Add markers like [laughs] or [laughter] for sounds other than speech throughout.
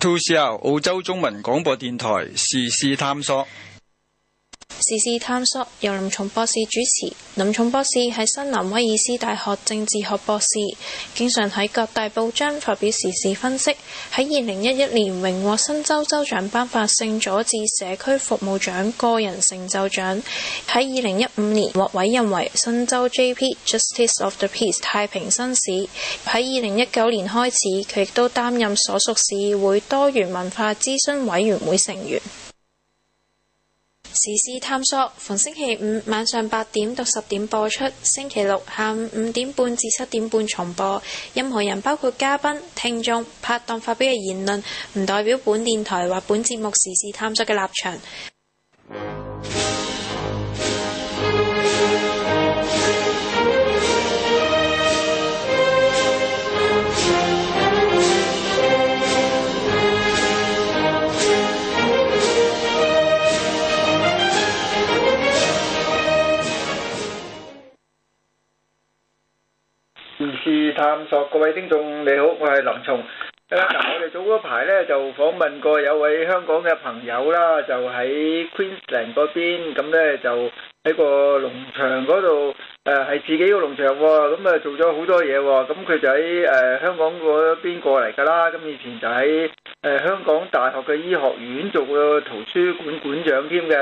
To C L o 澳洲中文廣播電台，時事探索。時事探索由林松博士主持。林松博士係新南威爾斯大學政治學博士，經常喺各大報章發表時事分析。喺二零一一年榮獲新州州長頒發聖佐治社區服務獎個人成就獎。喺二零一五年獲委任為新州 J.P. Justice of the Peace 太平紳士。喺二零一九年開始，佢亦都擔任所屬市議會多元文化諮詢委員會成員。時事探索逢星期五晚上八點到十點播出，星期六下午五點半至七點半重播。任何人，包括嘉賓、聽眾、拍檔發表嘅言論，唔代表本電台或本節目時事探索嘅立場。 [music] 時事探索，各位聽眾你好，我係林松。咁、嗯、嗱、嗯，我哋早嗰排咧就訪問過有位香港嘅朋友啦，就喺 Queensland 嗰邊，咁咧就喺個農場嗰度，誒、呃、係自己個農場喎，咁、嗯、啊做咗好多嘢喎，咁、嗯、佢就喺誒、呃、香港嗰邊過嚟㗎啦，咁以前就喺誒香港大學嘅醫學院做個圖書館館長添嘅，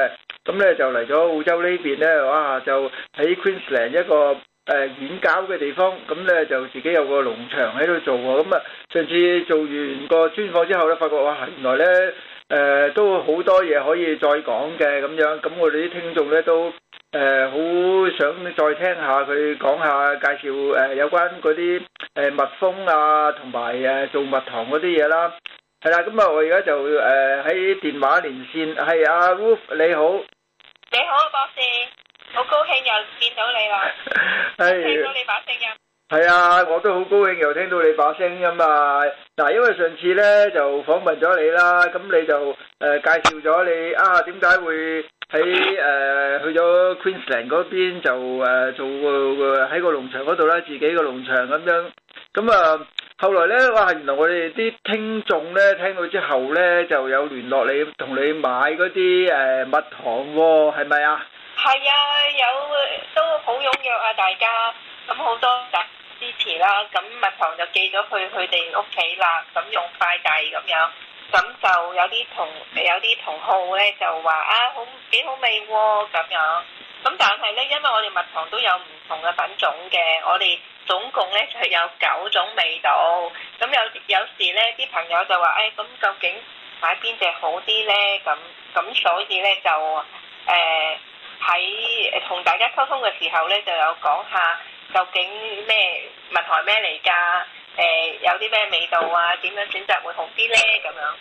咁、嗯、咧、嗯、就嚟咗澳洲呢邊咧，哇、啊，就喺 Queensland 一個，誒，遠郊嘅地方，咁、嗯、咧就自己有個農場喺度做喎。咁、嗯、啊，上次做完個專訪之後咧，發覺哇，原來咧，誒、呃，都好多嘢可以再講嘅咁樣。咁、嗯、我哋啲聽眾咧都誒，好、呃、想再聽下佢哋講下介紹誒、呃，有關嗰啲誒蜜蜂啊，同埋誒做蜜糖嗰啲嘢啦。係啦，咁啊，我而家就誒喺電話連線，係阿 Wolf 你好，你好，博士。好高興又見到你啦！聽到你把聲啊！係啊，我都好高興又聽到你把聲啊嘛！嗱，因為上次咧就訪問咗你啦，咁你就誒介紹咗你啊，點解會喺誒去咗 Queensland 嗰邊就誒做個喺個農場嗰度咧，自己個農場咁樣。咁啊，後來咧哇，原來我哋啲聽眾咧聽到之後咧就有聯絡你，同你買嗰啲誒蜜糖喎，係咪啊？係啊，有都好踴躍啊！大家咁好、嗯、多支持啦，咁蜜糖就寄咗去佢哋屋企啦，咁、嗯、用快遞咁樣，咁、嗯、就有啲同有啲同好咧就話啊好幾好味咁樣，咁、嗯、但係咧，因為我哋蜜糖都有唔同嘅品種嘅，我哋總共咧就有九種味道，咁、嗯、有有時咧啲朋友就話誒咁究竟買邊隻好啲咧咁咁所以咧就誒。呃喺同大家溝通嘅時候咧，就有講下究竟咩蜜糖咩嚟㗎？誒、呃、有啲咩味道啊？點樣選擇會好啲咧？咁樣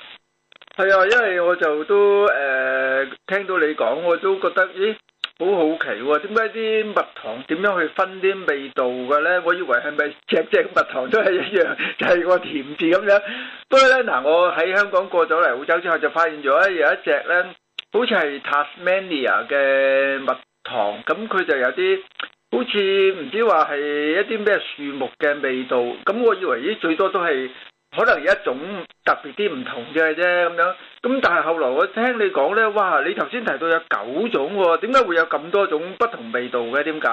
係啊，因為我就都誒、呃、聽到你講，我都覺得咦好好奇喎、哦，點解啲蜜糖點樣去分啲味道嘅咧？我以為係咪隻隻蜜糖都係一樣，就係、是、個甜字咁樣。不過咧，嗱，我喺香港過咗嚟澳洲之後，就發現咗有一隻咧。好似係 Tasmania 嘅蜜糖，咁佢就有啲好似唔知話係一啲咩樹木嘅味道，咁我以為呢最多都係可能有一種特別啲唔同嘅啫咁樣，咁但係後來我聽你講呢，哇！你頭先提到有九種喎，點解會有咁多種不同味道嘅？點解？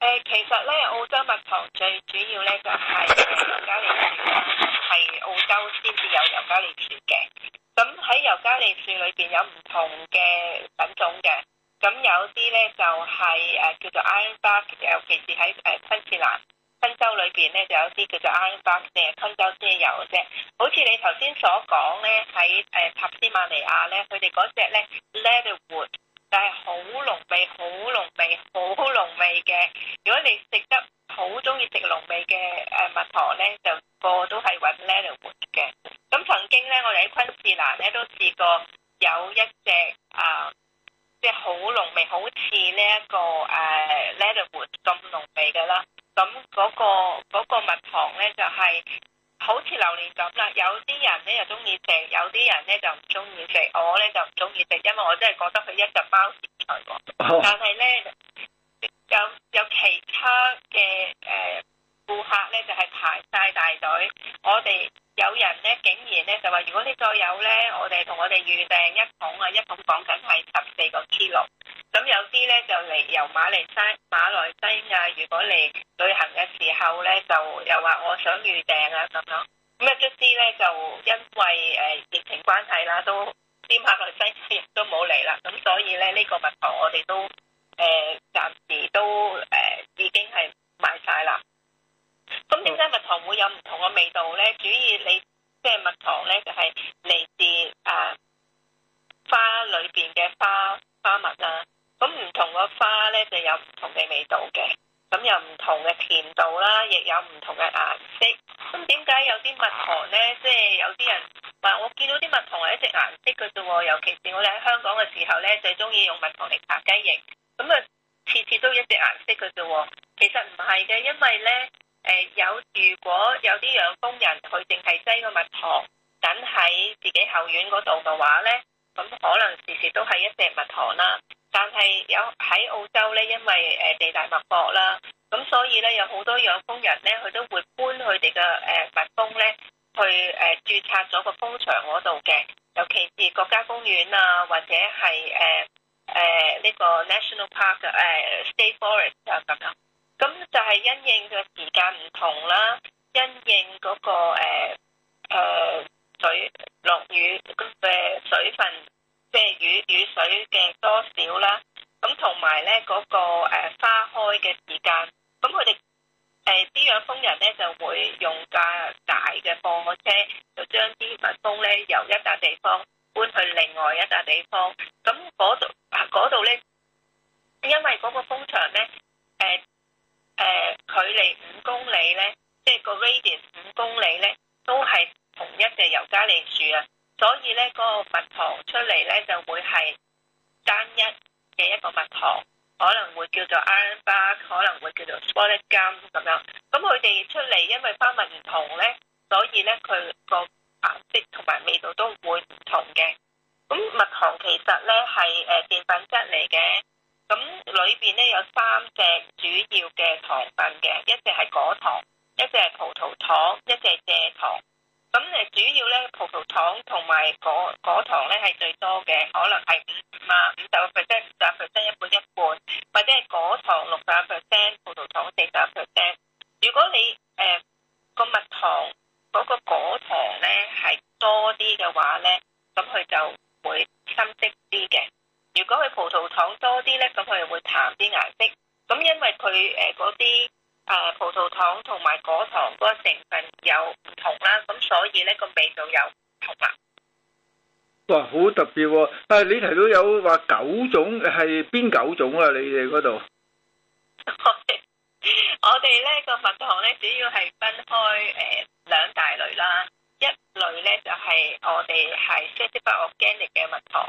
誒，其實呢澳洲蜜糖最主要呢就係油加利樹，係澳洲先至有油加利樹嘅。咁喺尤加利樹裏邊有唔同嘅品種嘅，咁有啲咧就係誒叫做 Ironbark，尤其是喺誒昆士蘭、昆州裏邊咧就有啲叫做 Ironbark，淨係昆州先有嘅啫。好似你頭先所講咧，喺誒塔斯馬尼亞咧，佢哋嗰隻咧，Leatherwood。但係好濃味、好濃味、好濃味嘅。如果你食得好中意食濃味嘅誒蜜糖呢，就個個都係揾 Leatherwood 嘅。咁曾經呢，我哋喺昆士蘭呢都試過有一隻啊，即係好濃味，好似呢一個誒、uh, Leatherwood 咁濃味嘅啦。咁嗰、嗰個、嗰個蜜糖呢，就係、是。好似榴蓮咁啦，有啲人呢又中意食，有啲人呢就唔中意食。我呢就唔中意食，因為我真係覺得佢一隻貓屎材喎。Oh. 但係呢，有有其他嘅誒。呃顧客咧就係、是、排晒大隊，我哋有人咧竟然咧就話，如果你再有咧，我哋同我哋預訂一桶啊，一桶講緊係十四個 kilogram 咁有啲咧就嚟由馬來西馬來西亞，如果嚟旅行嘅時候咧就又話我想預訂啊咁樣，咁啊，一啲咧就因為誒疫情關係啦，都啲馬來西亞都冇嚟啦，咁所以咧呢、這個蜜糖我哋都誒、呃、暫時都誒、呃、已經係賣晒啦。咁點解蜜糖會有唔同嘅味道呢？主要你即係蜜糖呢，就係、是、嚟自誒、啊、花裏邊嘅花花蜜啦。咁唔同嘅花呢，就有唔同嘅味道嘅。咁有唔同嘅甜度啦，亦有唔同嘅顏色。咁點解有啲蜜糖呢？即、就、係、是、有啲人話我見到啲蜜糖係一隻顏色嘅啫喎。尤其是我哋喺香港嘅時候呢，最中意用蜜糖嚟搽雞翼。咁啊，次次都一隻顏色嘅啫喎。其實唔係嘅，因為呢。誒有，如果有啲養蜂人佢淨係擠個蜜糖，等喺自己後院嗰度嘅話咧，咁可能時時都係一隻蜜糖啦。但係有喺澳洲咧，因為誒地大物博啦，咁所以咧有好多養蜂人咧，佢都會搬佢哋嘅誒蜜蜂咧去誒註冊咗個蜂場嗰度嘅。尤其是國家公園啊，或者係誒誒呢個 National Park 嘅、啊、誒 State Forest 啊咁樣。咁就係因應嘅時間唔同啦，因應嗰、那個誒誒、呃、水落雨嘅、呃、水分，即係雨雨水嘅多少啦。咁同埋咧嗰個誒花開嘅時間，咁佢哋誒啲養蜂人咧就會用架大嘅貨車，就將啲蜜蜂咧由一笪地方搬去另外一笪地方。咁嗰度嗰度咧，因為嗰個蜂場咧，誒、呃。誒、呃，距離五公里咧，即係個 radius 五公里咧，都係同一隻尤加利樹啊，所以咧嗰個蜜糖出嚟咧就會係單一嘅一個蜜糖，可能會叫做 ironbark，可能會叫做 spotted gum 咁樣。咁佢哋出嚟，因為花蜜唔同咧，所以咧佢個顏色同埋味道都會唔同嘅。咁蜜糖其實咧係誒澱粉質嚟嘅。咁裏邊咧有三隻主要嘅糖分嘅，一隻係果糖，一隻係葡萄糖，一隻係蔗糖。咁誒，主要咧葡萄糖同埋果果糖咧係最多嘅，可能係五啊五十 percent、五十 percent 一半一半，或者係果糖六十 percent、葡萄糖四十 percent。如果你誒個蜜糖嗰個果糖咧係多啲嘅話咧，咁佢就會深色啲嘅。如果佢葡萄糖多啲咧，咁佢又會淡啲顏色。咁因為佢誒嗰啲誒葡萄糖同埋果糖嗰個成分有唔同啦，咁所以咧個味道有唔同啦。哇，好特別喎、啊！但、啊、係你提到有話九種係邊九種啊？你哋嗰度？ [laughs] 我哋我哋咧個蜜糖咧，主要係分開誒兩、呃、大類啦。一類咧就係、是、我哋係 certified organic 嘅蜜糖。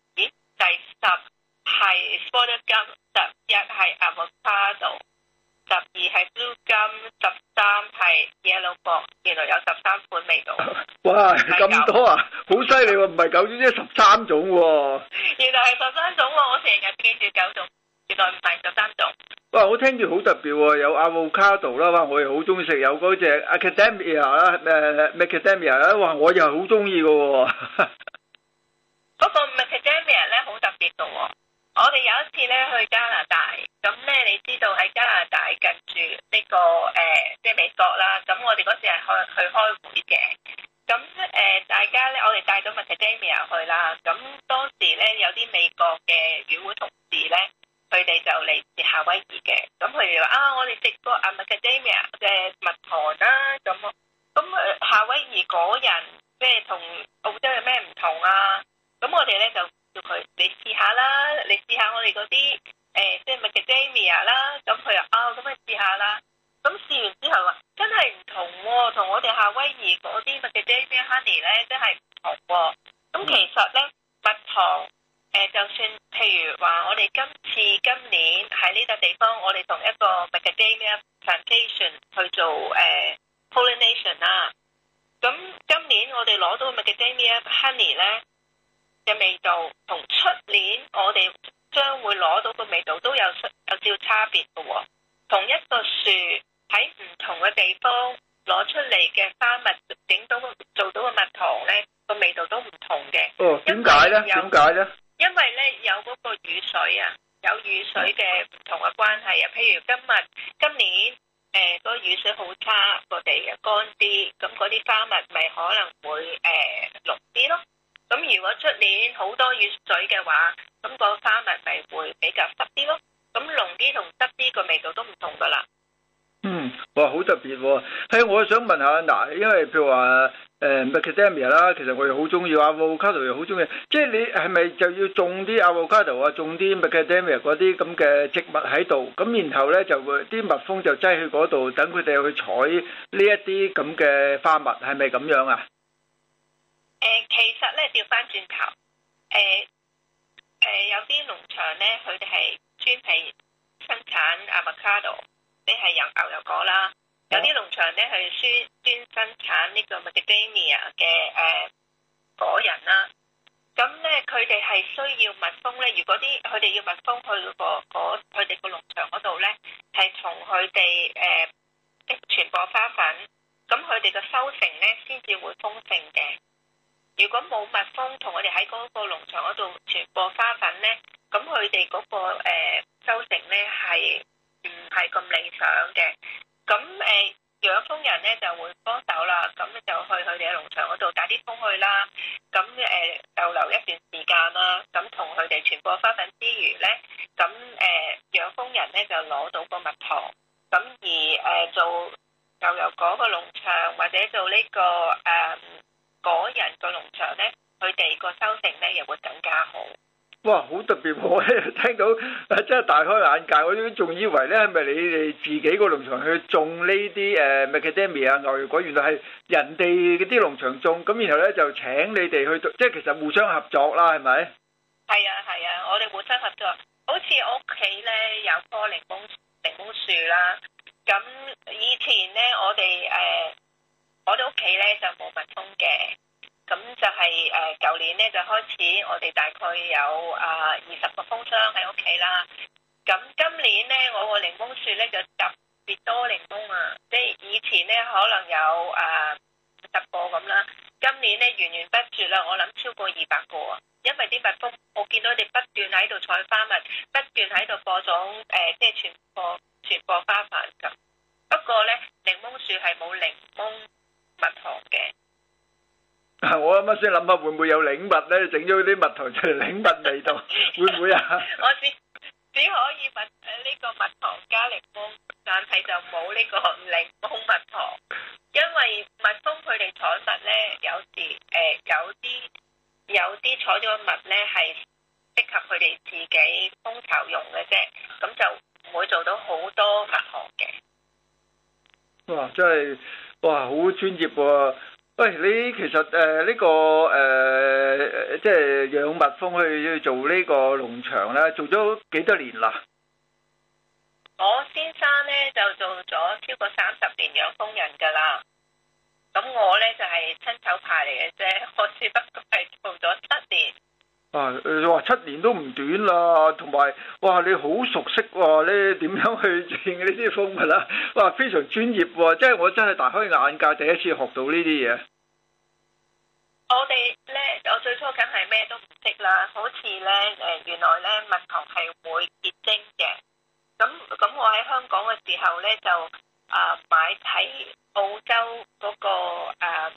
第十係 g o r d e n 十一係 avocado，十二係 blue 金，十三係 yellow box，原來有十三款味道。哇，咁九多啊，好犀利喎，唔係、嗯、九種啫，十三種喎、啊。原來係十三種喎、啊，我成日記住九種，原來唔係十三種。哇，我聽住好特別喎、啊，有 avocado 啦，哇，我又好中意食，有嗰隻 academia 啦，咩 macadamia 啦，哇，我又係好中意嘅。 [laughs] 不過 Macadamia 咧好特別嘅、哦，我哋有一次咧去加拿大，咁咧你知道喺加拿大近住呢、這個誒，即、呃、係、就是、美國啦。咁我哋嗰時係去去開會嘅，咁誒、呃、大家咧，我哋帶咗 Macadamia 去啦。咁當時咧有啲美國嘅軟會同事咧，佢哋就嚟自夏威夷嘅。咁譬如話啊，我哋食過 Macadamia 嘅蜜糖啦、啊，咁咁夏威夷嗰人即係同澳洲有咩唔同啊？咁我哋咧就叫佢，你試下啦，你試下我哋嗰啲，誒、欸，即係 Macadamia 啦。咁佢話啊，咁你試下啦。咁試完之後話，真係唔同喎、哦，同我哋夏威夷嗰啲 Macadamia Honey 咧，真係唔同喎、哦。咁其實咧，蜜糖誒，就算譬如話，我哋今次今年喺呢笪地方，我哋同一個 Macadamia plantation 去做誒 pollination 啦。咁、欸啊、今年我哋攞到 Macadamia Honey 咧，嘅味道同出年我哋將會攞到嘅味道都有有少差別嘅喎，同一個樹喺唔同嘅地方攞出嚟嘅花蜜整到做到嘅蜜糖，呢個味道都唔同嘅。哦，點解呢？點解呢？因為呢有嗰個雨水啊，有雨水嘅唔同嘅關係啊。譬如今日今年誒、呃嗰個雨水好差，個地又乾啲，咁嗰啲花蜜咪可能會誒濃啲咯。咁如果出年好多雨水嘅話，咁個花蜜咪會比較濕啲咯？咁濃啲同濕啲個味道都唔同噶啦。嗯，哇，好特別喎、哦！係、哎，我想問下嗱，因為譬如話誒，macadamia 啦，呃、Mac ia, 其實我又好中意，阿羅卡頭又好中意，即係你係咪就要種啲阿 c a 羅卡頭啊，種啲 macadamia 嗰啲咁嘅植物喺度，咁然後咧就啲蜜蜂就擠去嗰度，等佢哋去採呢一啲咁嘅花蜜，係咪咁樣啊？誒，其實咧調翻轉頭，誒誒、呃呃，有啲農場咧，佢哋係專係生產 avocado，即係有牛油果啦。有啲農場咧係專專生產呢個蜜地 mia 嘅誒果仁啦。咁咧佢哋係需要蜜蜂，咧。如果啲佢哋要蜜蜂，去、那個嗰佢哋個農場嗰度咧，係同佢哋誒傳播花粉，咁佢哋嘅收成咧先至會豐盛嘅。如果冇蜜蜂同我哋喺嗰個農場嗰度傳播花粉咧，咁佢哋嗰個誒收、呃、成咧係唔係咁理想嘅。咁誒養蜂人咧就會幫手啦，咁就去佢哋嘅農場嗰度打啲蜂去啦。咁誒、呃、逗留一段時間啦，咁同佢哋傳播花粉之餘咧，咁誒養蜂人咧就攞到個蜜糖，咁而誒、呃、做牛油果嗰個農場或者做呢、這個誒。呃嗰日個農場咧，佢哋個收成咧又會更加好。哇！好特別喎，聽到真係大開眼界。我仲以為咧係咪你哋自己個農場去種呢啲誒 Macadamia 牛油果，原來係人哋嗰啲農場種。咁然後咧就請你哋去，即係其實互相合作啦，係咪？係啊係啊，我哋互相合作。好似我屋企咧有棵檸檬檸檬樹啦。咁以前咧，我哋誒。我哋屋企咧就冇蜜蜂嘅，咁就係誒舊年咧就開始，我哋大概有啊二十個蜂箱喺屋企啦。咁今年咧，我個檸檬樹咧就特別多檸檬啊！即係以前咧可能有啊、呃、十個咁啦，今年咧源源不絕啦。我諗超過二百個啊，因為啲蜜蜂，我見到佢哋不斷喺度採花蜜，不斷喺度播種誒，即係傳播傳播花粉噶。不過咧，檸檬樹係冇檸檬。蜜糖嘅，我啱啱先諗下會唔會有檸蜜咧？整咗啲蜜糖出嚟，檸蜜味道會唔會啊？ [laughs] 我只只可以問誒，呢個蜜糖加檸檬，但係就冇呢個檸檬蜜糖，因為蜜蜂佢哋採蜜咧，有時誒、呃、有啲有啲採咗蜜咧係適合佢哋自己蜂巢用嘅啫，咁就唔會做到好多蜜糖嘅。哇！即係。專業喂你其實誒、呢個、呢個誒即係養蜜蜂去做呢個農場啦，做咗幾多年啦？我先生咧就做咗超過三十年養蜂人噶啦，咁我咧就係、係、新手派嚟嘅啫，我只不過係做咗七年。啊誒、呃，七年都唔短啦，同埋。哇！你好熟悉喎，你點樣去整呢啲蜂蜜啦？哇！非常專業喎，即係我真係大開眼界，第一次學到呢啲嘢。我哋咧，我最初梗係咩都唔識啦，好似咧誒，原來咧蜜糖係會結晶嘅。咁咁，我喺香港嘅時候咧，就啊買喺澳洲嗰、那個誒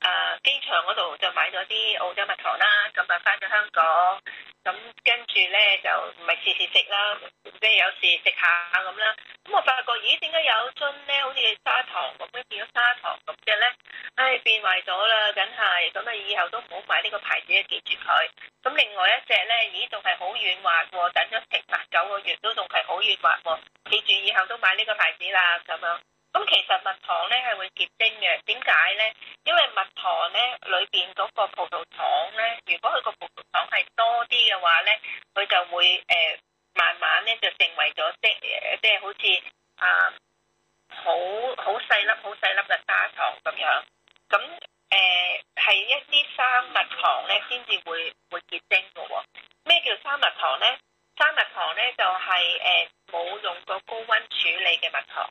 誒機場嗰度就買咗啲澳洲蜜糖啦。咁啊，翻咗香港。咁跟住呢就唔係次次食啦，即係有時食下咁啦。咁我發覺咦，點解有樽呢？好似砂糖咁樣，變咗砂糖咁嘅呢？唉、哎，變壞咗啦，梗係咁啊！以後都唔好買呢個牌子，記住佢。咁另外一隻呢，咦，仲係好軟滑喎，等咗成九個月都仲係好軟滑喎，記住以後都買呢個牌子啦，咁樣。咁其實蜜糖咧係會結晶嘅，點解咧？因為蜜糖咧裏邊嗰個葡萄糖咧，如果佢個葡萄糖係多啲嘅話咧，佢就會誒慢慢咧就成為咗即誒，即係好似啊好好細粒、好細粒嘅砂糖咁樣。咁誒係一啲生蜜糖咧先至會會結晶嘅喎。咩叫生蜜糖咧？生蜜糖咧就係誒冇用過高溫處理嘅蜜糖。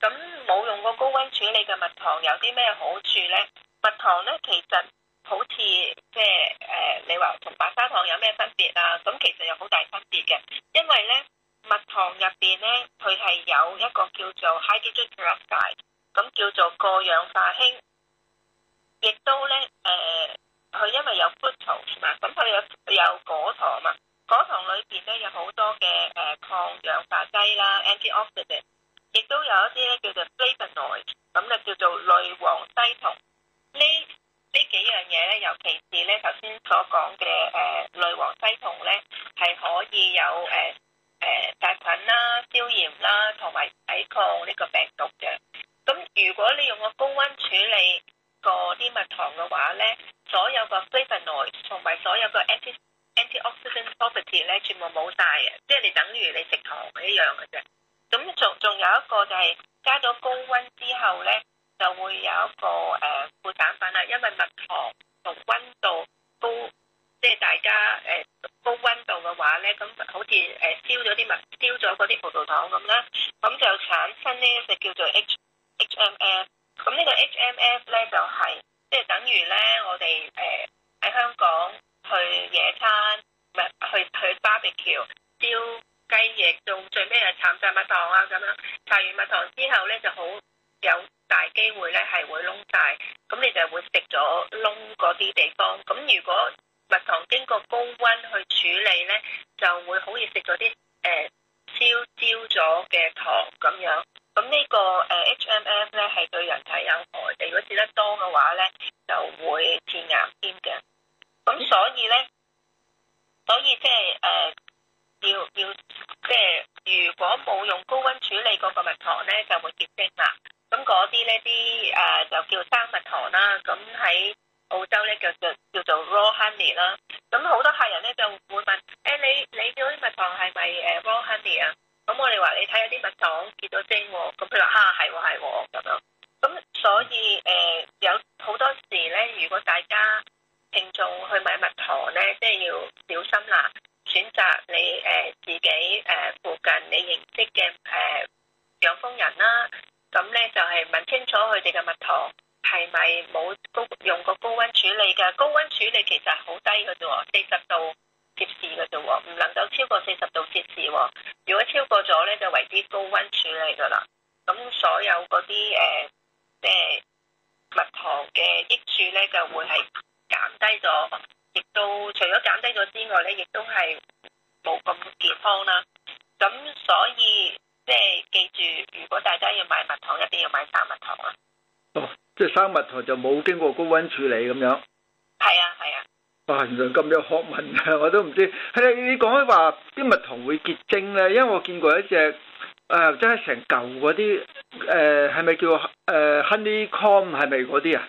咁冇用過高温處理嘅蜜糖有啲咩好處咧？蜜糖咧其實好似即係誒，你話同白砂糖有咩分別啊？咁其實有好大分別嘅，因為咧蜜糖入邊咧佢係有一個叫做 hydrogen peroxide，咁叫做過氧化氫，亦都咧誒，佢、呃、因為有葡萄嘛，咁佢有有果糖嘛，果糖裏邊咧有好多嘅誒、呃、抗氧化劑啦，antioxidant。Ant 亦都有一啲咧叫做 flavonoids，咁就叫做類黃西酮。呢呢幾樣嘢咧，尤其是咧頭先所講嘅誒類黃西酮咧，係可以有誒誒殺菌啦、消炎啦，同埋抵抗呢個病毒嘅。咁如果你用個高溫處理個啲蜜糖嘅話咧，所有個 flavonoid 同埋所有個 anti antioxidant properties 咧，全部冇晒嘅，即係你等於你食糖一樣嘅啫。咁仲仲有一個就係、是、加咗高温之後咧，就會有一個誒副產品啦，因為蜜糖同温度高，即、就、係、是、大家誒、呃、高温度嘅話咧，咁好似誒燒咗啲蜜，燒咗啲葡萄糖咁啦，咁就產生咧就叫做 H H M F。咁呢個 H M F 咧就係即係等於咧我哋誒喺香。咁樣排完蜜糖之後咧，就好。 [noise] 誒誒，即係成舊嗰啲誒，係咪、呃、叫誒 Honeycomb 係咪嗰啲啊？呃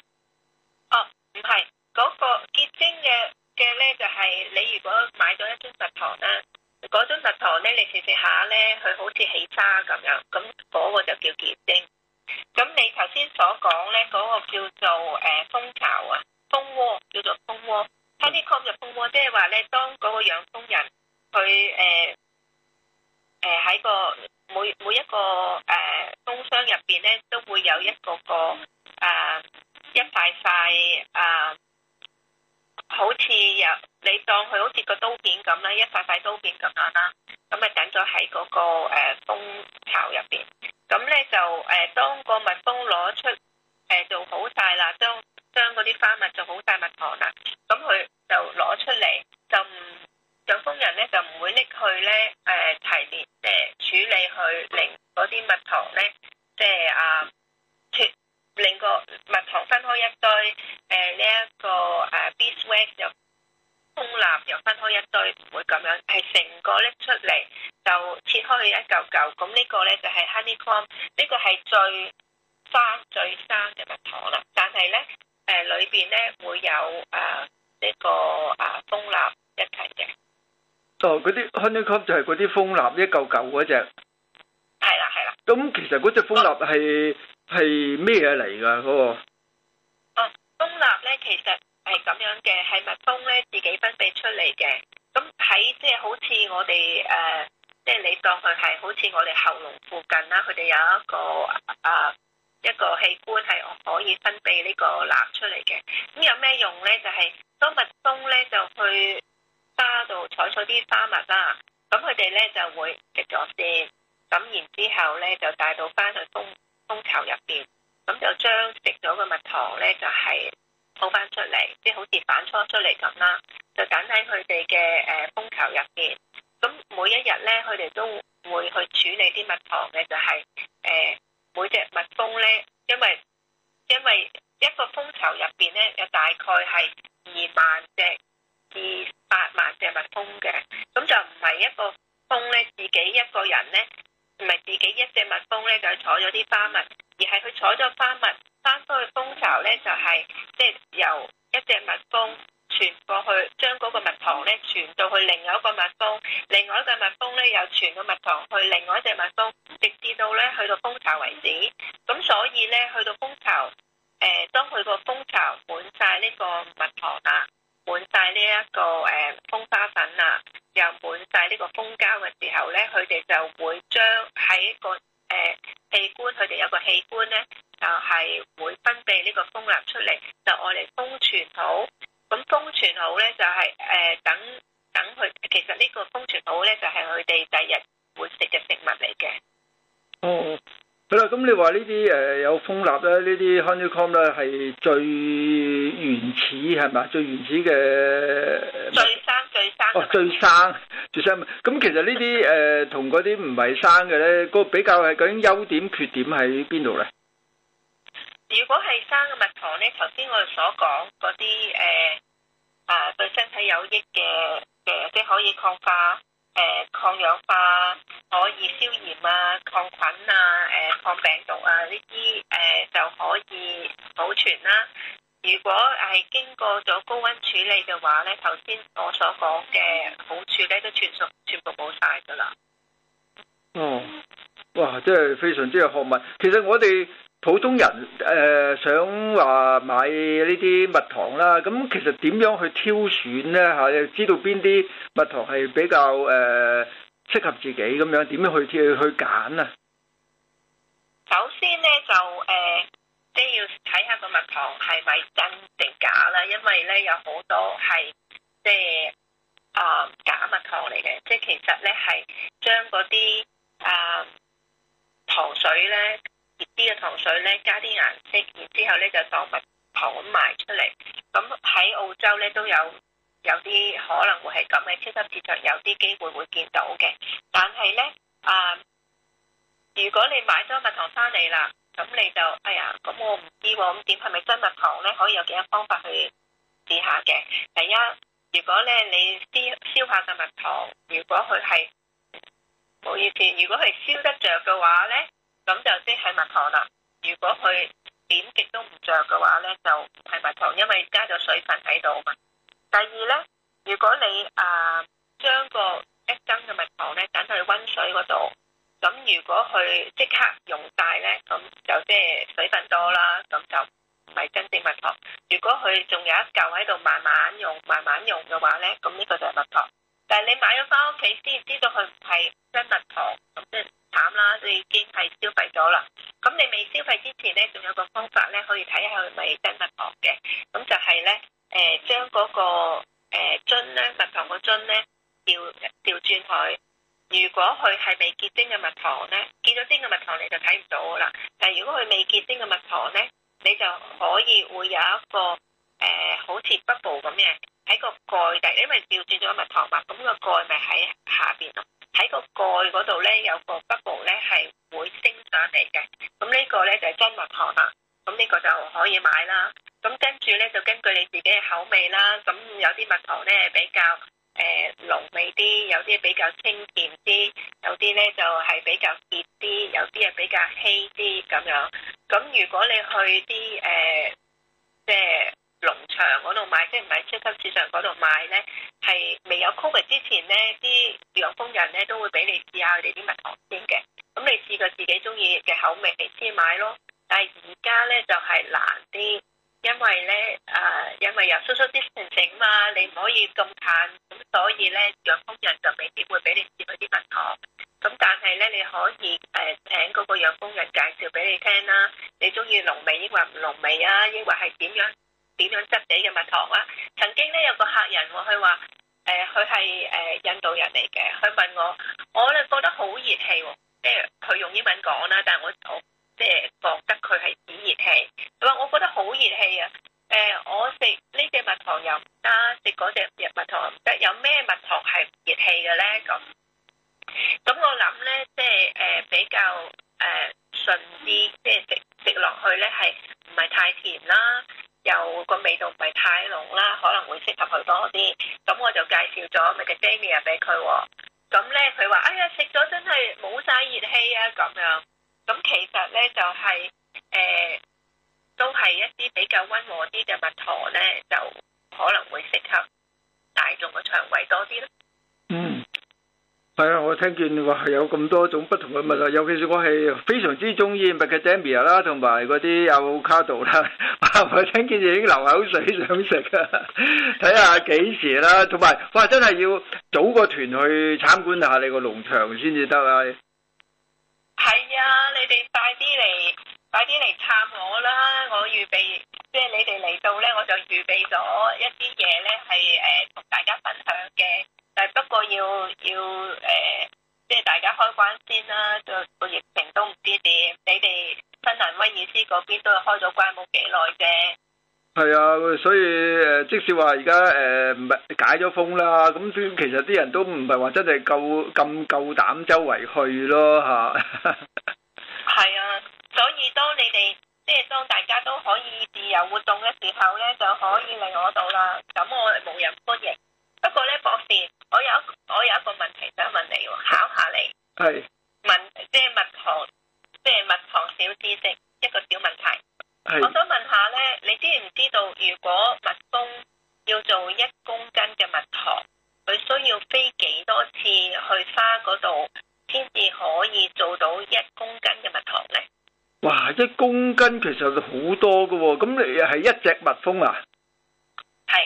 係係咩嘢嚟噶嗰個？哦，蜂蠟咧其實係咁樣嘅，係蜜蜂咧自己分泌出嚟嘅。咁喺即係好似我哋誒，即、呃、係、就是、你當佢係好似我哋喉嚨附近啦，佢哋有一個啊一個器官係可以分泌個呢個蠟出嚟嘅。咁有咩用咧？就係、是、當蜜蜂咧就去花度採取啲花蜜啦。咁佢哋咧就會食咗先。咁然之後咧，就帶到翻去蜂蜂巢入邊，咁就將食咗嘅蜜糖咧，就係吐翻出嚟，即係好似反芻出嚟咁啦。就等喺佢哋嘅誒蜂巢入邊。咁每一日咧，佢哋都會去處理啲蜜糖嘅，就係誒每隻蜜蜂咧，因為因為一個蜂巢入邊咧，有大概係二萬隻至八萬隻蜜蜂嘅，咁就唔係一個蜂咧自己一個人咧。唔係自己一隻蜜蜂咧就去採咗啲花蜜，而係佢採咗花蜜，翻到去蜂巢咧就係即係由一隻蜜蜂傳過去，將嗰個蜜糖咧傳到去另一個蜜蜂，另外一隻蜜蜂咧又傳個蜜糖去另外一隻蜜蜂，直至到咧去到蜂巢為止。咁所以咧去到蜂巢，誒、呃，當佢個蜂巢滿晒呢個蜜糖啦。滿晒呢一個誒蜂花粉啦，又滿晒呢個蜂膠嘅時候咧，佢哋就會將喺個誒器官，佢哋有個器官咧就係會分泌呢個蜂蠟出嚟，就愛嚟封存好。咁封存好咧就係誒等等佢，其實呢個封存好咧就係佢哋第日會食嘅食物嚟嘅。嗯。係啦，咁、嗯、你話、呃、呢啲誒有蜂蠟咧，呢啲 honeycomb 咧係最原始係咪？最原始嘅，最生最生哦，最生，最生咁 [laughs] 其實、呃、呢啲誒同嗰啲唔係生嘅咧，嗰、那個、比較係究竟優點缺點喺邊度咧？如果係生嘅蜜糖咧，頭先我哋所講嗰啲誒啊對身體有益嘅嘅，即可以抗氧化。誒、呃，抗氧化可以消炎啊，抗菌啊，誒、呃，抗病毒啊，呢啲誒就可以保存啦、啊。如果係經過咗高溫處理嘅話咧，頭先我所講嘅好處咧都全數全部冇晒噶啦。哦，哇，真係非常之有學問。其實我哋。普通人誒、呃、想話買呢啲蜜糖啦，咁其實點樣去挑選咧嚇？知道邊啲蜜糖係比較誒、呃、適合自己咁樣？點樣去去去揀啊？首先咧就即係、呃就是、要睇下個蜜糖係咪真定假啦，因為咧有好多係即係啊假蜜糖嚟嘅，即、就、係、是、其實咧係將嗰啲啊糖水咧。啲嘅糖水咧，加啲顏色，然之後咧就當蜜糖咁賣出嚟。咁喺澳洲咧都有有啲可能會係咁嘅超級市場，有啲機會會見到嘅。但係咧啊，如果你買咗蜜糖翻嚟啦，咁你就哎呀，咁我唔知喎、啊。咁點，係咪真蜜糖咧？可以有幾樣方法去試下嘅。第一，如果咧你燒下化嘅蜜糖，如果佢係，唔好意思。如果係燒得着嘅話咧。咁就即係蜜糖啦。如果佢點極都唔着嘅話呢，就唔係蜜糖，因為加咗水分喺度嘛。第二呢，如果你啊、呃、將個一羹嘅蜜糖呢，等去溫水嗰度，咁如果佢即刻溶晒呢，咁就即係水分多啦，咁就唔係真正蜜糖。如果佢仲有一嚿喺度，慢慢用，慢慢用嘅話呢，咁呢個就係蜜糖。但係你買咗翻屋企先知道佢唔係真蜜糖，咁即係慘啦，你已經係消費咗啦。咁你未消費之前咧，仲有個方法咧，可以睇下佢係咪真蜜糖嘅。咁就係咧，誒、呃，將嗰個誒樽咧，蜜糖個樽咧，調調轉佢。如果佢係未結晶嘅蜜糖咧，結咗晶嘅蜜糖你就睇唔到噶啦。但係如果佢未結晶嘅蜜糖咧，你就可以會有一個。誒、呃，好似 bubble 咁嘅，喺個蓋底，因為調轉咗蜜糖嘛，咁、那個蓋咪喺下邊咯。喺個蓋嗰度咧，有個 bubble 咧，係會升上嚟嘅。咁呢個咧就係真蜜糖啦。咁呢個就可以買啦。咁跟住咧就根據你自己嘅口味啦。咁有啲蜜糖咧比較誒濃、呃、味啲，有啲比較清甜啲，有啲咧就係比較澀啲，有啲係比較稀啲咁樣。咁如果你去啲誒、呃、即係。農場嗰度買，即係唔係超級市場嗰度買呢，係未有 Covid 之前呢，啲養蜂人呢，都會俾你試下佢哋啲蜜糖先嘅。咁你試過自己中意嘅口味，你先買咯。但係而家呢就係、是、難啲，因為呢，誒、呃，因為有叔叔啲事情嘛，你唔可以咁嘆，咁所以呢，養蜂人就未必會俾你試佢啲蜜糖。咁但係呢，你可以誒、呃，請嗰個養蜂人介紹俾你聽啦、啊，你中意濃味抑或唔濃味啊？抑或係點樣？點樣質地嘅蜜糖啦？曾經咧有個客人，佢話：，誒、呃，佢係誒印度人嚟嘅。佢問我，我咧覺得好熱氣，即係佢用英文講啦，但係我我即係覺得佢係指熱氣。佢話：我覺得好熱氣啊！誒，我食呢隻蜜糖又唔得，食嗰隻蜜糖又唔得，有咩蜜糖係熱氣嘅咧？咁咁我諗咧，即係誒比較誒順啲，即係食食落去咧係唔係太甜啦？又個味道唔係太濃啦，可能會適合佢多啲。咁我就介紹咗咪隻 Jamy 啊俾佢。咁呢佢話：哎 [noise] 呀樂，食咗真係冇晒熱氣啊！咁樣，咁其實呢，就係誒，都係一啲比較溫和啲嘅蜜糖呢，就可能會適合大眾嘅腸胃多啲咯。嗯。 [music] 係啊，哎，我聽見話有咁多種不同嘅物啦，尤其是我係非常之中意 Macadamia 啦，同埋嗰啲有卡度啦，我聽見已經流口水想食啊！睇下幾時啦，同埋哇，真係要組個團去參觀下你個農場先至得啊！係啊，你哋快啲嚟，快啲嚟探我啦！我預備即係你哋嚟到咧，我就預備咗一啲嘢咧，係誒同大家分享嘅。誒，不過要要誒，即係大家開關先啦，個疫情都唔知點。你哋新南威爾斯嗰邊都開咗關冇幾耐啫。係啊，所以誒，即使話而家誒唔係解咗封啦，咁其實啲人都唔係話真係夠咁夠膽周圍去咯吓。係啊，所以當你哋即係當大家都可以自由活動嘅時候咧，就可以嚟我度啦。咁我哋冇人歡迎。不過咧，博士，我有一我有一個問題想問你，考下你。係是。問即係蜜糖，即係蜜糖小知識，一個小問題。係是。我想問下咧，你知唔知道如果蜜蜂要做一公斤嘅蜜糖，佢需要飛幾多次去花嗰度，先至可以做到一公斤嘅蜜糖咧？哇！一公斤其實好多噶，咁你係一隻蜜蜂啊？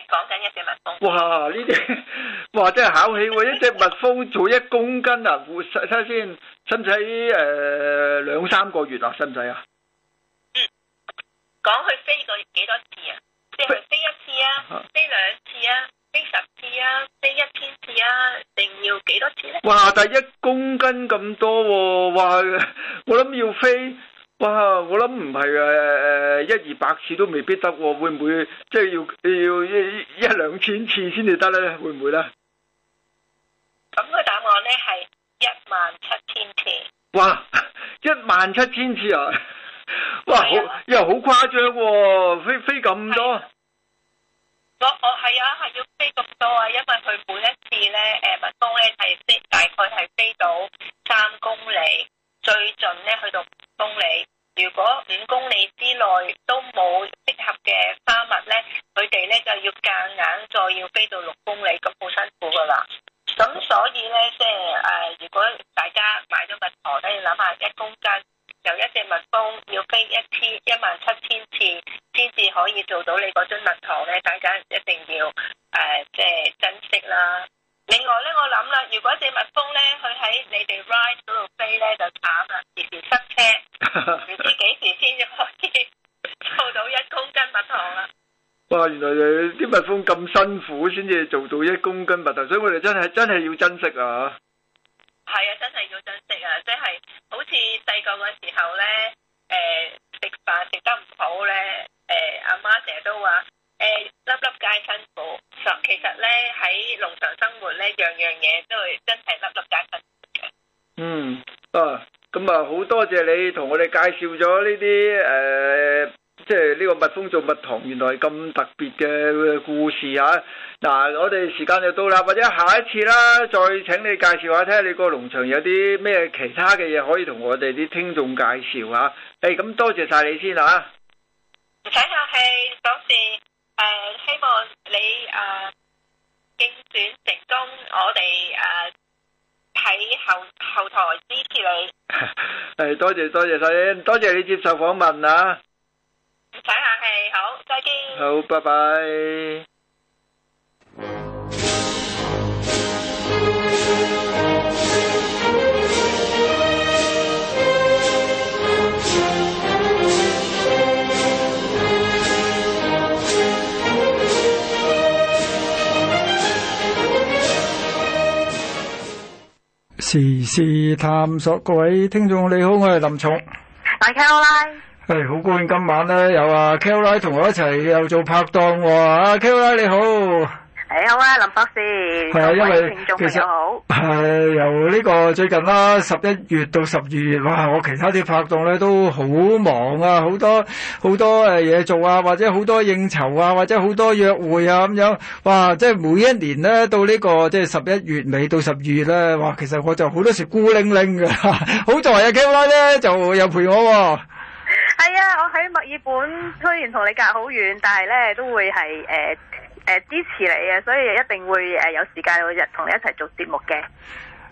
講緊一隻蜜蜂。哇！呢啲哇真係考起喎， [laughs] 一隻蜜蜂做一公斤啊？睇下先，使唔使誒兩三個月啊？使唔使啊？嗯，講佢飛過幾多次啊？即係飛一次啊？啊飛兩次啊？飛十次啊？飛一千次啊？定要幾多次咧？哇！但係一公斤咁多喎，啊，哇！我諗要飛。哇！我諗唔係誒誒，一二百次都未必得喎，哦。會唔會即係要要一一兩千次先至得咧？會唔會咧？咁個答案咧係一萬七千次。哇！一萬七千次啊！哇，又的又好誇張喎，飛飛咁多。我我係啊，係要飛咁多啊，因為佢每一次咧，誒，蜜蜂咧係飛大概係飛到三公里，最近咧去到。公里，如果五公里之內都冇適合嘅花蜜呢，佢哋呢就要夾硬再要飛到六公里，咁好辛苦噶啦。咁所以呢，即係、呃、如果大家買咗蜜糖呢，要諗下一公斤由一隻蜜蜂要飛一千一萬七千次，先至可以做到你嗰樽蜜糖呢，大家一定要誒、呃，即係珍惜啦。另外咧，我諗啦，如果隻蜜蜂咧，佢喺你哋 ride 嗰度飛咧，就慘啦，時時塞車，唔知幾時先至可以做到一公斤蜜糖啦。哇， [laughs] 原來你啲蜜蜂咁辛苦先至做到一公斤蜜糖，所以我哋真係真係要珍惜啊！係啊，真係要珍惜啊！即係好似細個嘅時候咧，誒，食飯食得唔好咧，誒，阿媽成日都話。誒、呃，粒粒皆辛苦。其實咧，喺農場生活咧，樣樣嘢都係真係粒粒皆辛苦嘅。嗯，啊，咁啊，好多謝你同我哋介紹咗呢啲誒，即係呢個蜜蜂做蜜糖原來咁特別嘅故事吓、啊。嗱、啊，我哋時間就到啦，或者下一次啦，再請你介紹下睇下你個農場有啲咩其他嘅嘢可以同我哋啲聽眾介紹啊。誒、啊，咁多謝晒你先啦、啊。唔使客氣，多謝。誒，uh, 希望你誒競、uh, 選成功，我，我哋誒喺後後台支持你。係，多謝多謝，細英，多謝你接受訪問啊！唔使客氣，好，再見。好，拜拜。時事探索，各位聽眾你好，我係林松，係 Kola 係好、哎、高興今晚咧有啊 Kola 同我一齊又做拍檔喎，啊 Kola，你好。你、hey, 好啊，林博士，啊，因迎聽眾朋友好。係、呃、由呢個最近啦，十一月到十二月，哇，我其他啲拍檔咧都好忙啊，好多好多誒嘢、呃、做啊，或者好多應酬啊，或者好多約會啊咁樣。哇，即係每一年咧到呢、這個即係十一月尾到十二月咧，哇，其實我就好多時孤零零嘅。好在阿 Kelly 咧就又陪我、啊。係啊，我喺墨爾本，雖然同你隔好遠，但係咧都會係誒。呃誒、呃，支持你嘅，所以一定會誒有時間會日同你一齊做節目嘅。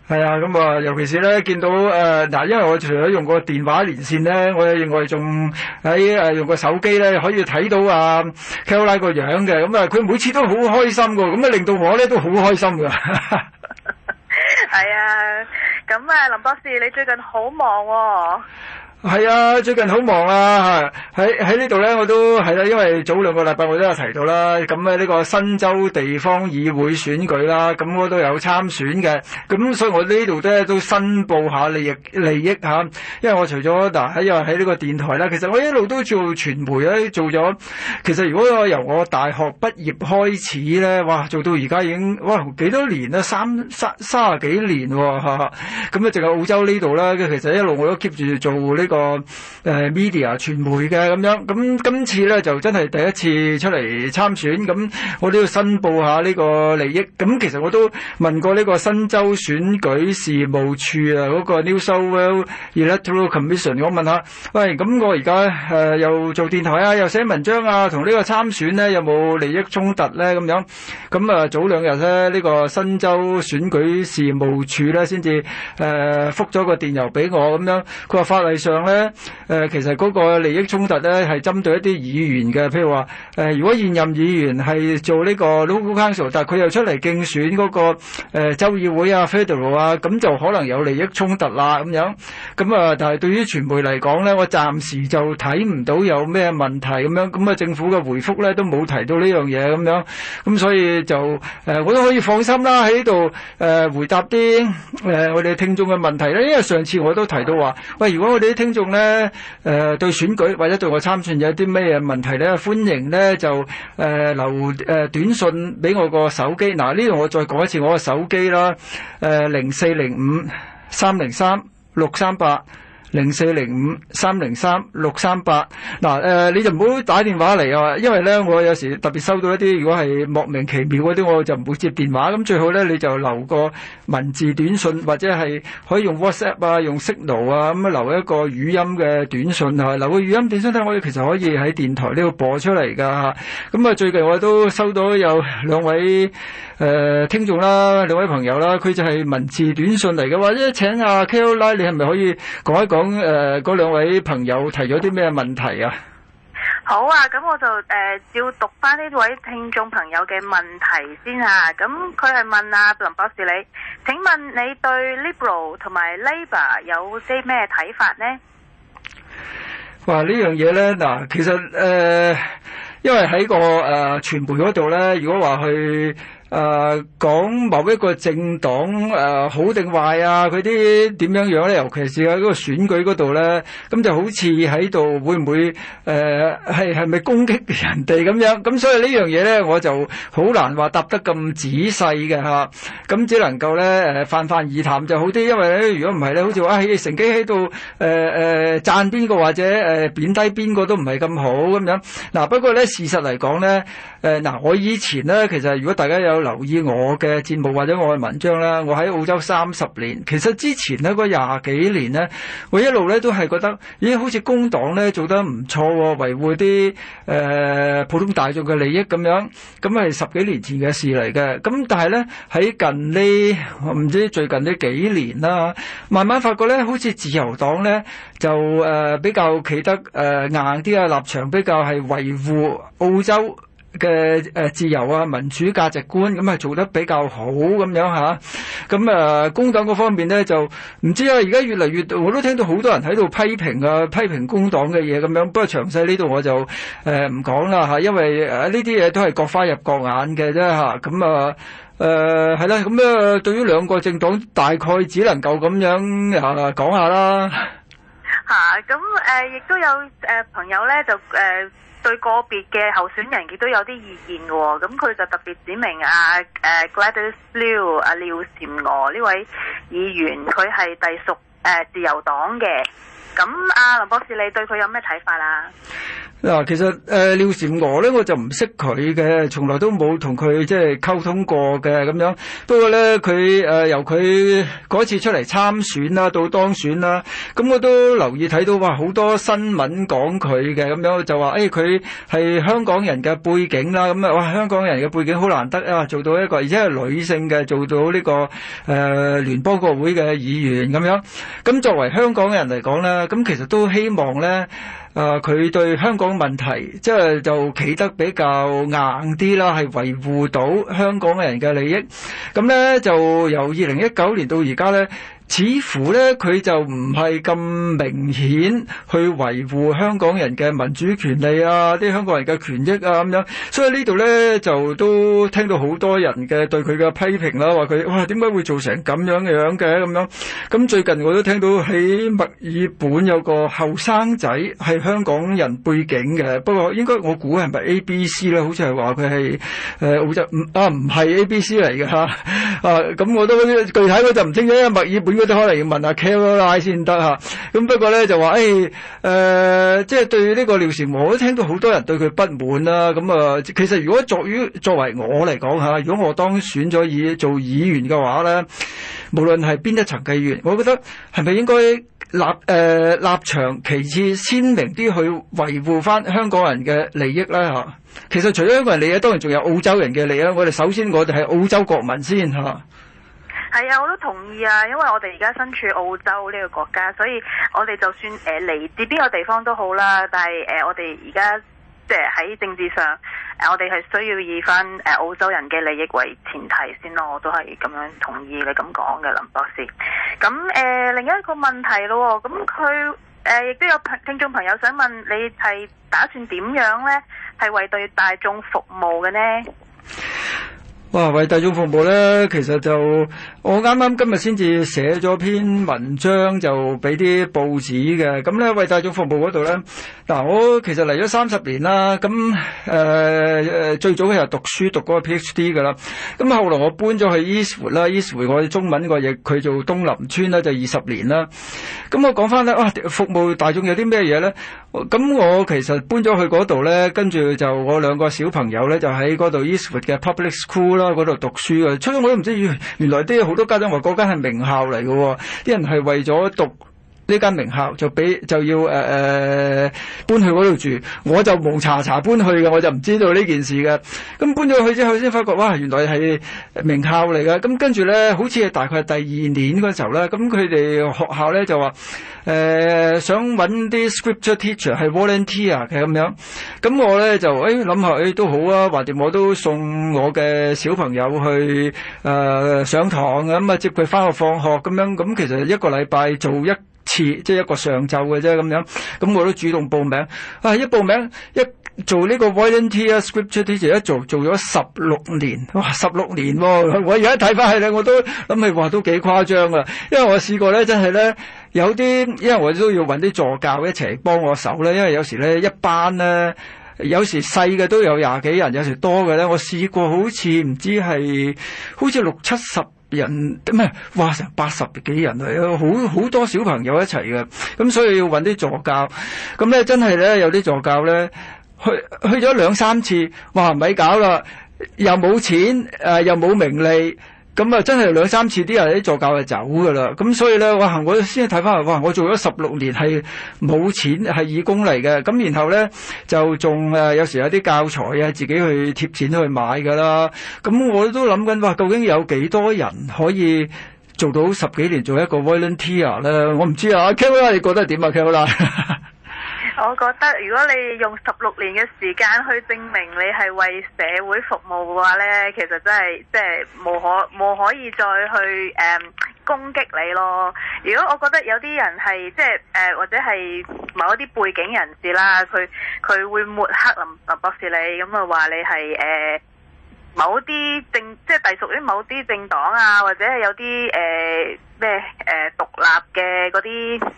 係啊、哎、咁、呃、啊，尤其是咧見到誒嗱、呃，因為我除咗用個電話連線咧，我另外仲喺誒用個手機咧可以睇到啊 Kelie 個樣嘅，咁啊佢每次都好開心噶，咁、嗯、啊令到我咧都好開心噶。係 [laughs] 啊 [laughs] 、哎，咁啊林博士，你最近好忙、哦。係啊，最近好忙啊！喺喺、啊、呢度咧，我都係啦、啊，因為早兩個禮拜我都有提到啦。咁咧呢個新州地方議會選舉啦，咁我都有參選嘅。咁所以我呢度咧都申報下利益利益嚇。因為我除咗嗱喺因為喺呢個電台啦，其實我一路都做傳媒咧，做咗。其實如果由我大學畢業開始咧，哇做到而家已經哇幾多年啦，三三卅幾年喎！咁咧淨係澳洲呢度啦，其實一路我都 keep 住做呢、這個。個誒 media 傳媒嘅咁樣。咁今次咧就真係第一次出嚟參選，咁我都要申報下呢個利益。咁其實我都問過呢個新州選舉事務處啊，嗰個 New South Wales Electoral Commission，我問下，喂，咁我而家誒又做電台啊，又寫文章啊，同呢個參選咧有冇利益衝突咧？咁樣，咁啊早兩日咧，呢個新州選舉事務處咧先至誒覆咗個電郵俾我，咁樣佢話法例上。咧誒，其實嗰個利益衝突咧，係針對一啲議員嘅，譬如話誒、呃，如果現任議員係做呢個 local council，但係佢又出嚟競選嗰、嗰個、呃、州議會啊、federal 啊，咁就可能有利益衝突啦咁樣。咁啊，但係對於傳媒嚟講咧，我暫時就睇唔到有咩問題咁樣。咁啊，政府嘅回覆咧都冇提到呢樣嘢咁樣。咁所以就誒、呃，我都可以放心啦，喺度誒回答啲誒、呃、我哋聽眾嘅問題咧。因為上次我都提到話，喂，如果我哋聽，觀眾咧，誒、呃，對選舉或者對我參選有啲咩問題咧？歡迎咧就誒、呃、留誒短信俾我個手機嗱，呢度我再講一次我個手機啦，誒、呃，零四零五三零三六三八。零四零五三零三六三八嗱誒，你就唔好打電話嚟啊，因為咧我有時特別收到一啲如果係莫名其妙嗰啲，我就唔會接電話。咁最好咧，你就留個文字短信或者係可以用 WhatsApp 啊，用 Signal 啊咁啊、嗯、留一個語音嘅短信啊。留個語音短信咧，我哋其實可以喺電台呢度播出嚟噶。咁啊，最近我都收到有兩位。誒，聽眾啦，兩位朋友啦，佢就係文字短信嚟嘅，或者請阿 Kel 拉，你係咪可以講一講誒，嗰兩位朋友提咗啲咩問題啊？好啊，咁我就誒，照讀翻呢位聽眾朋友嘅問題先啊。咁佢係問啊林博士，你，請問你對 Liberal 同埋 Labour 有啲咩睇法呢？哇，呢樣嘢咧嗱，其實誒，因為喺個誒傳媒嗰度咧，如果話去。誒、呃、講某一個政黨誒、呃、好定壞啊？佢啲點樣樣咧？尤其是喺嗰個選舉嗰度咧，咁就好似喺度會唔會誒係係咪攻擊人哋咁樣？咁所以呢樣嘢咧，我就好難話答得咁仔細嘅嚇。咁只能夠咧誒、呃、泛泛而談就好啲，因為咧如果唔係咧，好似話喺乘機喺度誒誒讚邊個或者誒、呃、貶低邊個都唔係咁好咁樣。嗱、啊、不過咧事實嚟講咧。誒嗱、呃，我以前咧，其實如果大家有留意我嘅節目或者我嘅文章啦，我喺澳洲三十年，其實之前呢嗰廿幾年呢，我一路咧都係覺得咦，好似工黨咧做得唔錯、哦，維護啲誒普通大眾嘅利益咁樣，咁係十幾年前嘅事嚟嘅。咁但係咧喺近呢唔知最近呢幾年啦，慢慢發覺咧，好似自由黨咧就誒、呃、比較企得誒、呃、硬啲啊，立場比較係維護澳洲嘅誒自由啊、民主價值觀咁係、嗯、做得比較好咁樣吓，咁啊工黨嗰方面呢，就唔知啊，而家越嚟越我都聽到好多人喺度批評啊，批評工黨嘅嘢咁樣，不過詳細呢度我就誒唔、呃、講啦嚇、啊，因為誒呢啲嘢都係各花入各眼嘅啫吓，咁啊誒係啦，咁、啊、咧、啊啊、對於兩個政黨大概只能夠咁樣嚇、啊、講下啦吓，咁誒亦都有誒、呃、朋友咧就誒。呃對個別嘅候選人亦都有啲意見嘅喎、哦，咁佢就特別指明阿、啊、誒、啊、Gladys Liu 阿廖善娥呢位議員，佢係隸屬誒自由黨嘅，咁阿、啊、林博士你對佢有咩睇法啊？嗱、啊，其實誒、呃、廖善娥咧，我就唔識佢嘅，從來都冇同佢即係溝通過嘅咁樣。不過咧，佢誒、呃、由佢嗰次出嚟參選啦、啊，到當選啦、啊，咁、嗯、我都留意睇到哇，好多新聞講佢嘅咁樣，就話誒佢係香港人嘅背景啦，咁、嗯、啊哇，香港人嘅背景好難得啊，做到一個而且係女性嘅做到呢、這個誒、呃、聯邦國會嘅議員咁樣。咁、嗯、作為香港人嚟講咧，咁其實都希望咧。誒佢、呃、對香港問題即係就企得比較硬啲啦，係維護到香港嘅人嘅利益。咁呢，就由二零一九年到而家呢。似乎咧佢就唔係咁明顯去維護香港人嘅民主權利啊，啲香港人嘅權益啊咁樣，所以呢度咧就都聽到好多人嘅對佢嘅批評啦、啊，話佢哇點解會做成咁樣嘅樣嘅咁樣，咁最近我都聽到喺墨爾本有個後生仔係香港人背景嘅，不過應該我估係咪 A B C 咧？好似係話佢係誒澳洲啊唔係 A B C 嚟嘅吓啊，咁，我都具體我就唔清楚啦。因為墨爾本。嗰啲可能要問下 Carol 先得嚇，咁、啊、不過咧就話誒誒，即係對呢個廖時洪，我都聽到好多人對佢不滿啦。咁啊，其實如果作於作為我嚟講嚇，如果我當選咗議做議員嘅話咧，無論係邊一層嘅議員，我覺得係咪應該立誒、呃、立場，其次鮮明啲去維護翻香港人嘅利益咧嚇、啊。其實除咗香港人利益，當然仲有澳洲人嘅利益。我哋首先我哋係澳洲國民先嚇。啊。係啊，我都同意啊，因為我哋而家身處澳洲呢個國家，所以我哋就算誒嚟自邊個地方都好啦，但係誒、呃、我哋而家即係喺政治上誒、呃，我哋係需要以翻誒澳洲人嘅利益為前提先咯，我都係咁樣同意你咁講嘅林博士。咁誒、呃、另一個問題咯，咁佢誒亦都有朋聽眾朋友想問，你係打算點樣咧？係為對大眾服務嘅呢？哇！為大眾服務咧，其實就我啱啱今日先至寫咗篇文章，就俾啲報紙嘅。咁、嗯、咧為大眾服務度咧，嗱我其實嚟咗三十年、呃、啦。咁誒誒最早係讀讀書讀個 PhD 㗎啦。咁後來我搬咗去 Eastwood 啦，Eastwood 我哋中文個嘢佢做東林村咧就二十年啦。咁、嗯、我講翻咧，啊服務大眾有啲咩嘢咧？咁、嗯嗯、我其實搬咗去度咧，跟住就我兩個小朋友咧就喺度 Eastwood 嘅 public school。啦！嗰度讀書嘅、啊，初中我都唔知要，原來啲好多家長話嗰間係名校嚟嘅，啲人係為咗讀。呢間名校就俾就要誒誒、呃、搬去嗰度住，我就冇查查搬去嘅，我就唔知道呢件事嘅。咁、嗯、搬咗去之後，先發覺哇，原來係名校嚟嘅。咁、嗯、跟住咧，好似係大概第二年嗰時候咧，咁佢哋學校咧就話誒、呃、想揾啲 scripture teacher 係 volunteer 嘅咁樣。咁、嗯嗯、我咧就誒諗、哎、下誒、哎、都好啊，橫掂我都送我嘅小朋友去誒、呃、上堂咁啊，接佢翻學放學咁樣。咁、嗯、其實一個禮拜做一次即係一個上晝嘅啫咁樣，咁我都主動報名。啊，一報名一做呢個 volunteer scripture teacher，一做做咗十六年。哇，十六年喎、哦！我而家睇翻起咧，我都諗起話都幾誇張㗎。因為我試過咧，真係咧有啲，因為我都要揾啲助教一齊幫我手咧。因為有時咧一班咧，有時細嘅都有廿幾人，有時多嘅咧，我試過好似唔知係好似六七十人唔係成八十幾人啊，好好多小朋友一齊嘅，咁所以要搵啲助教。咁咧真係咧，有啲助教咧去去咗兩三次，哇唔係搞啦，又冇錢誒、呃，又冇名利。咁啊，真係兩三次啲人啲助教就走㗎啦。咁所以咧，哇！我先睇翻話，哇！我做咗十六年係冇錢係義工嚟嘅。咁然後咧就仲誒有時有啲教材啊，自己去貼錢去買㗎啦。咁我都諗緊，哇！究竟有幾多人可以做到十幾年做一個 volunteer 咧？我唔知啊。阿 Kel 啦，你覺得點啊？阿 Kel 啦？我覺得如果你用十六年嘅時間去證明你係為社會服務嘅話呢，其實真係即係冇可冇可以再去誒、um, 攻擊你咯。如果我覺得有啲人係即係誒或者係某一啲背景人士啦，佢佢會抹黑林林博士你咁啊，話你係誒某啲政即係隸屬於某啲政黨啊，或者係有啲誒咩誒獨立嘅嗰啲。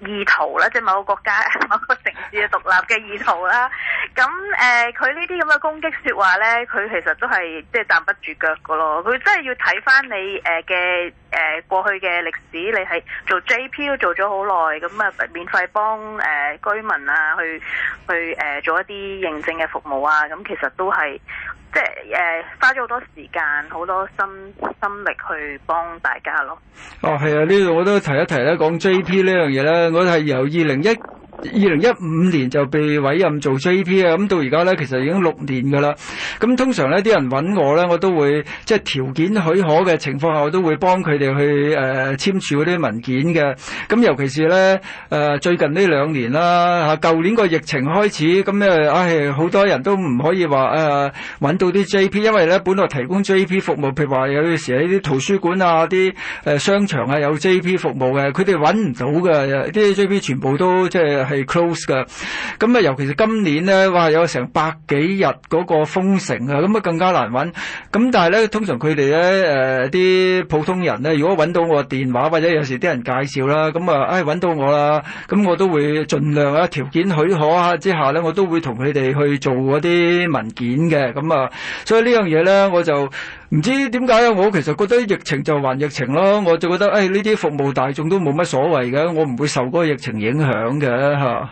意圖啦，即係某個國家、某個城市嘅獨立嘅意圖啦。咁誒， [laughs] 佢呢啲咁嘅攻擊說話呢，佢其實都係即係站不住腳噶咯。佢真係要睇翻你誒嘅誒過去嘅歷史。你係做 JP 都做咗好耐，咁啊免費幫誒、呃、居民啊去去誒、呃、做一啲認證嘅服務啊。咁其實都係。即係誒、呃，花咗好多時間、好多心心力去幫大家咯。哦，係啊，呢度我都提一提咧，講 J P 呢樣嘢咧，我係由二零一。二零一五年就被委任做 J.P. 啊、嗯，咁到而家咧，其實已經六年噶啦。咁、嗯、通常咧，啲人揾我咧，我都會即係條件許可嘅情況下，我都會幫佢哋去誒簽、呃、署嗰啲文件嘅。咁、嗯、尤其是咧誒、呃、最近呢兩年啦，吓舊年個疫情開始，咁咧唉好多人都唔可以話誒揾到啲 J.P.，因為咧本來提供 J.P. 服務，譬如話有時呢啲圖書館啊、啲誒商場啊有 J.P. 服務嘅，佢哋揾唔到嘅啲 J.P. 全部都即係。係 close 嘅，咁啊、嗯，尤其是今年咧，哇，有成百幾日嗰個封城啊，咁、嗯、啊更加難揾。咁、嗯、但係咧，通常佢哋咧誒啲普通人咧，如果揾到我電話，或者有時啲人介紹啦，咁、嗯、啊，唉、哎、揾到我啦，咁、嗯、我都會盡量啊，條件許可啊之下咧，我都會同佢哋去做嗰啲文件嘅。咁、嗯、啊、嗯，所以呢樣嘢咧，我就。唔知點解啊，我其實覺得疫情就還疫情咯。我就覺得誒呢啲服務大眾都冇乜所謂嘅，我唔會受個疫情影響嘅吓。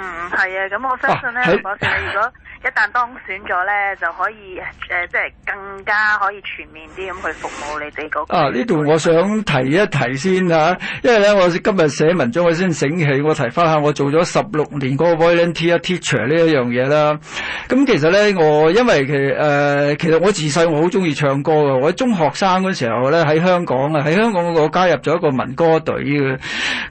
嗯，係啊，咁我相信咧，我哋，如果一旦當選咗咧，就可以誒，即係更加可以全面啲咁去服務你哋個。啊，呢度我想提一提先吓，因為咧我今日寫文章我先醒起，我提翻下我做咗十六年嗰個 volunteer teacher 呢一樣嘢啦。咁其實咧，我因為其誒，其實我自細我好中意唱歌噶，我喺中學生嗰時候咧喺香港啊，喺香港我加入咗一個民歌隊嘅。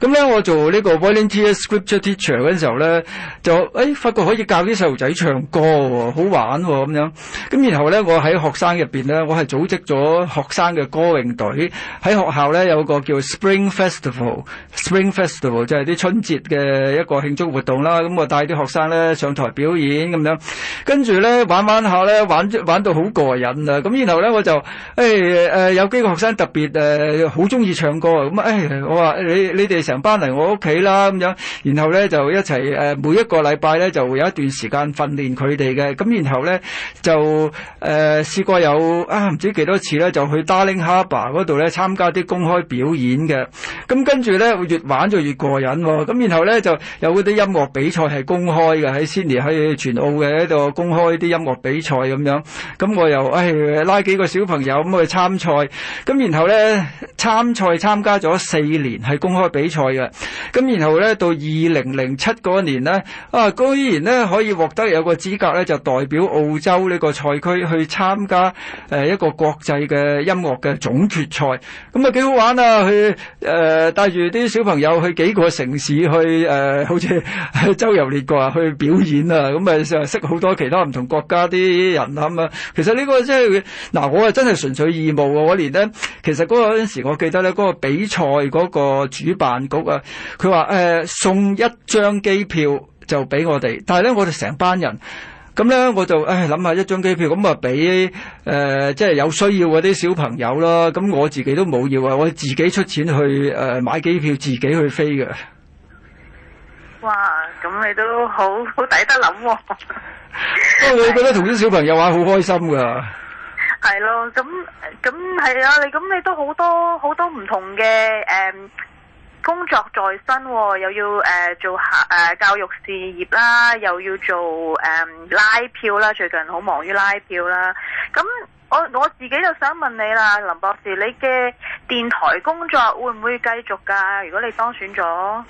咁咧我做呢個 volunteer scripture teacher 嗰陣時候咧。就誒、哎，發覺可以教啲細路仔唱歌、哦，好玩咁、哦、樣。咁然後咧，我喺學生入邊咧，我係組織咗學生嘅歌詠隊喺學校咧，有個叫 Spring Festival, Spring Festival，Spring Festival 即係啲春節嘅一個慶祝活動啦。咁我帶啲學生咧上台表演咁樣，跟住咧玩玩下咧，玩玩到好過癮啊！咁然後咧，我就誒誒、哎呃，有幾個學生特別誒好中意唱歌啊，咁誒、哎、我話你你哋成班嚟，我屋企啦咁樣，然後咧就一齊誒。呃每一個禮拜咧就會有一段時間訓練佢哋嘅，咁然後咧就誒、呃、試過有啊唔知幾多次咧就去 Darling Harbour 度咧參加啲公開表演嘅，咁跟住咧越玩就越過癮、哦，喎，咁然後咧就有啲音樂比賽係公開嘅，喺悉尼喺全澳嘅喺度公開啲音樂比賽咁樣，咁我又誒、哎、拉幾個小朋友咁去參賽，咁然後咧參賽參加咗四年係公開比賽嘅，咁然後咧到二零零七嗰年。咧啊，居然咧可以獲得有個資格咧，就代表澳洲呢個賽區去參加誒、呃、一個國際嘅音樂嘅總決賽，咁啊幾好玩啊！去誒帶住啲小朋友去幾個城市去誒、呃、好似周遊列國啊，去表演啊，咁、嗯、啊識好多其他唔同國家啲人啊啊、嗯。其實呢個即係嗱，我啊真係純粹義務啊年咧，其實嗰陣時我記得咧，嗰個比賽個主辦局啊，佢話誒送一張機票，就俾我哋，但係咧，我哋成班人，咁咧，我就唉諗下一張機票，咁啊俾誒，即係有需要嗰啲小朋友啦，咁我自己都冇要啊，我自己出錢去誒買機票，自己去飛嘅。哇，咁你都好好抵得諗，不過你覺得同啲小朋友玩好開心噶。係咯，咁咁係啊，你咁你都好多好多唔同嘅誒。工作在身、哦，又要誒、呃、做下誒、呃、教育事業啦，又要做誒、呃、拉票啦，最近好忙於拉票啦。咁、嗯、我我自己就想問你啦，林博士，你嘅電台工作會唔會繼續㗎？如果你當選咗？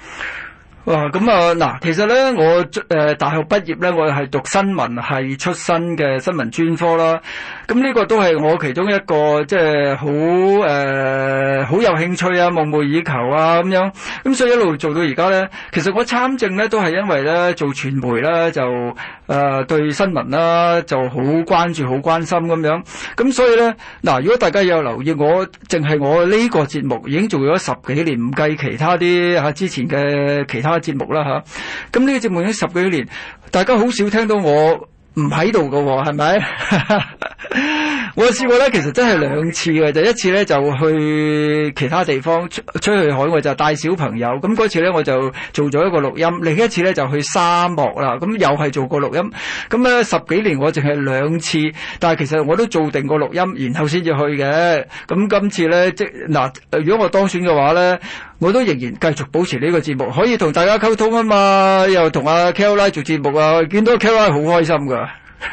啊咁啊嗱，其實咧，我誒、呃、大學畢業咧，我係讀新聞系出身嘅新聞專科啦。咁、嗯、呢、呢個都係我其中一個即係好誒好有興趣啊、夢寐以求啊咁樣咁、嗯、所以一路做到而家咧，其實我參政咧都係因為咧做傳媒咧就誒、呃、對新聞啦就好關注、好關心咁樣咁、嗯、所以咧嗱、呃，如果大家有留意，我淨係我呢個節目已經做咗十幾年，唔計其他啲吓、啊、之前嘅其他。嘅節目啦嚇，咁呢個節目已經十幾年，大家好少聽到我唔喺度㗎喎，係咪？ [laughs] 我試過咧，其實真係兩次嘅，就一次咧就去其他地方，出去海外就帶小朋友，咁嗰次咧我就做咗一個錄音。另一次咧就去沙漠啦，咁又係做過錄音。咁咧十幾年我淨係兩次，但係其實我都做定個錄音，然後先至去嘅。咁今次咧即嗱、啊，如果我當選嘅話咧。我都仍然繼續保持呢個節目，可以同大家溝通啊嘛，又同阿 Kel 做節目啊，見到 Kel 好開心㗎，係啊 [laughs]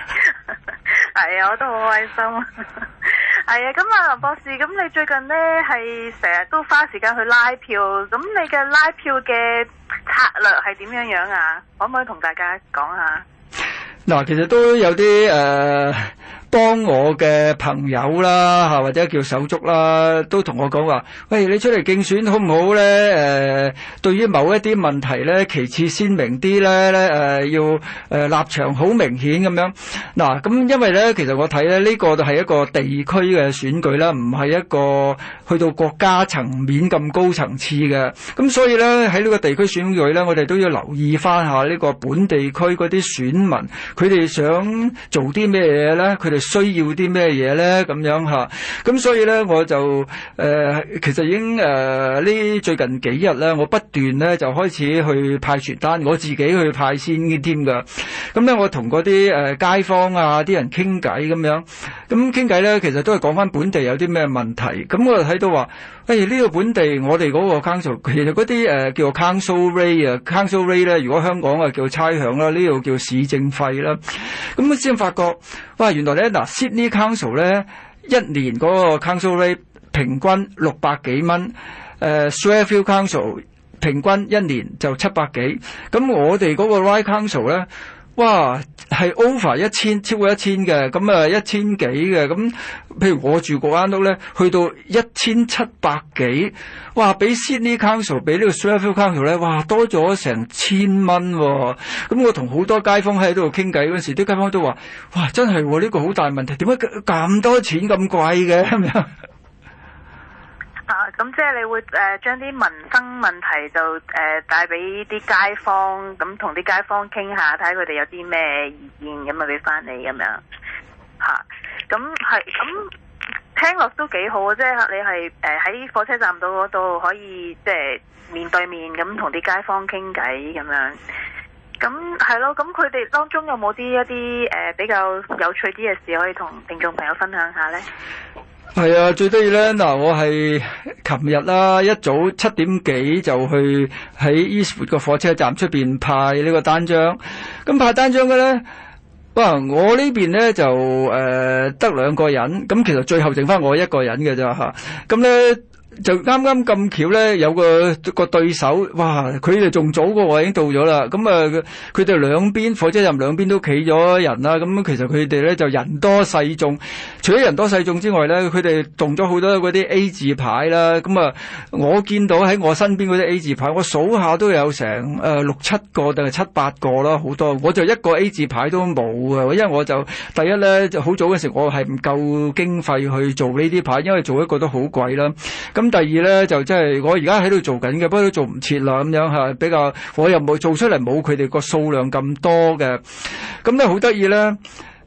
哎，我都好開心。係 [laughs] 啊、哎，咁啊，林博士，咁你最近呢，係成日都花時間去拉票，咁你嘅拉票嘅策略係點樣樣啊？可唔可以同大家講下？嗱，其實都有啲誒。呃幫我嘅朋友啦，吓或者叫手足啦，都同我講話，喂，你出嚟競選好唔好咧？誒、呃，對於某一啲問題咧，其次鮮明啲咧，咧、呃、誒，要誒、呃、立場好明顯咁樣。嗱、啊，咁因為咧，其實我睇咧，呢、這個就係一個地區嘅選舉啦，唔係一個去到國家層面咁高層次嘅。咁所以咧，喺呢個地區選舉咧，我哋都要留意翻下呢個本地區嗰啲選民，佢哋想做啲咩嘢咧？佢哋需要啲咩嘢咧？咁樣嚇，咁所以咧，我就誒、呃，其實已經誒，呢、呃、最近幾日咧，我不斷咧就開始去派傳單，我自己去派先添㗎。咁咧，我同嗰啲誒街坊啊啲人傾偈咁樣。咁傾偈咧，其實都係講返本地有啲咩問題。咁我就睇到話，誒、哎、呢、這個本地我哋嗰個 council，其實嗰啲誒叫做 council rate 啊，council rate 咧，如果香港啊叫差餉啦，呢度叫市政費啦。咁先發覺，哇原來咧嗱 Sydney council 咧一年嗰個 council rate 平均六百幾蚊，誒、呃、Strathfield council 平均一年就七百幾。咁我哋嗰個 Ryde council 咧。哇，係 over 一千，超過一千嘅，咁啊一千幾嘅，咁、嗯、譬如我住嗰間屋咧，去到一千七百幾，哇！畀 Sydney Council，畀呢個 s u r v e council 咧，哇，多咗成千蚊喎，咁、嗯、我同好多街坊喺度傾偈嗰陣時，啲街坊都話，哇，真係喎，呢個好大問題，點解咁多錢咁貴嘅？ [laughs] 啊，咁、嗯、即係你會誒將啲民生問題就誒帶俾啲街坊，咁同啲街坊傾下，睇下佢哋有啲咩意見咁啊畀翻你咁樣。吓、啊，咁係咁聽落都幾好，即係你係誒喺火車站度嗰度可以即係面對面咁同啲街坊傾偈咁樣。咁係咯，咁佢哋當中有冇啲一啲誒、呃、比較有趣啲嘅事可以同聽眾朋友分享下呢？係啊，最得意咧。嗱，我係琴日啦，一早七點幾就去喺 Eastwood 個火車站出邊派呢個單張。咁派單張嘅咧，哇！我邊呢邊咧就誒得兩個人，咁其實最後剩翻我一個人嘅咋吓。咁、啊、咧。就啱啱咁巧咧，有個個對手，哇！佢哋仲早過我已經到咗啦。咁啊，佢哋兩邊火車站兩邊都企咗人啦。咁其實佢哋咧就人多勢眾。除咗人多勢眾之外咧，佢哋仲咗好多嗰啲 A 字牌啦。咁啊，我見到喺我身邊嗰啲 A 字牌，我數下都有成誒六七個定係七八個啦，好多。我就一個 A 字牌都冇啊，因為我就第一咧，就好早嗰時我係唔夠經費去做呢啲牌，因為做一個都好貴啦。咁第二咧就即係我而家喺度做緊嘅，不過都做唔切啦，咁樣吓，比較我又冇做出嚟，冇佢哋個數量咁多嘅。咁咧好得意咧，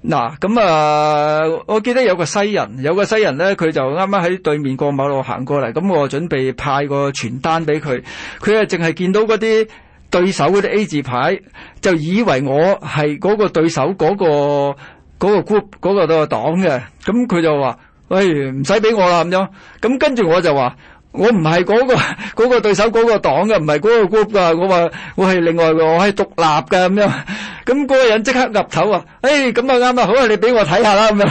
嗱，咁啊，我記得有個西人，有個西人咧，佢就啱啱喺對面過馬路行過嚟，咁我準備派個傳單俾佢，佢啊淨係見到嗰啲對手嗰啲 A 字牌，就以為我係嗰個對手嗰個、嗰個、嗰個 group 嗰個黨嘅，咁佢就話。哎，不如唔使俾我啦，咁樣，咁跟住我就話。我唔係嗰個嗰個對手嗰個黨嘅，唔係嗰個 group 噶我話我係另外個，我係獨立嘅咁樣。咁嗰個人即刻岌頭啊！誒、哎，咁啊啱啊，好啊，你俾我睇下啦咁樣。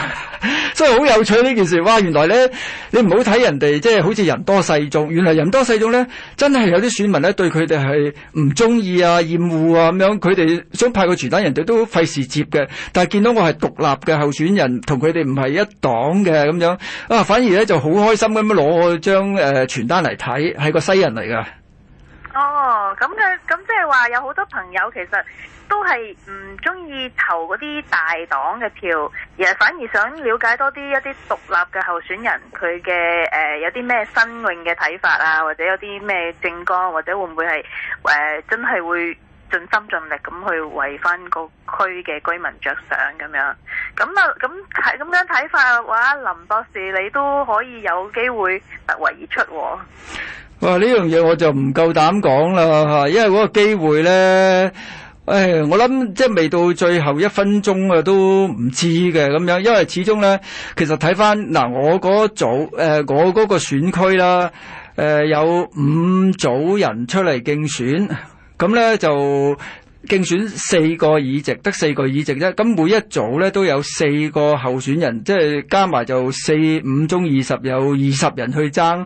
所以好有趣呢件事。哇，原來咧，你唔好睇人哋，即係好似人多勢眾。原來人多勢眾咧，真係有啲選民咧對佢哋係唔中意啊、厭惡啊咁樣。佢哋想派個傳單，人哋都費事接嘅。但係見到我係獨立嘅候選人，同佢哋唔係一黨嘅咁樣啊，反而咧就好開心咁樣攞我張誒。呃傳單嚟睇，係個西人嚟㗎。哦，咁嘅，咁即係話有好多朋友其實都係唔中意投嗰啲大黨嘅票，而係反而想了解多啲一啲獨立嘅候選人佢嘅誒有啲咩新穎嘅睇法啊，或者有啲咩政綱，或者會唔會係誒、呃、真係會盡心盡力咁去為翻個區嘅居民着想咁樣，咁啊咁睇咁樣睇法嘅話，林博士你都可以有機會突圍而出。哇！呢樣嘢我就唔夠膽講啦，因為嗰個機會咧，誒，我諗即係未到最後一分鐘啊，都唔知嘅咁樣，因為始終咧，其實睇翻嗱，我嗰組誒，我嗰個選區啦，誒，有五組人出嚟競選。咁咧就競選四個議席，得四個議席啫。咁每一組咧都有四個候選人，即係加埋就四五中二十，有二十人去爭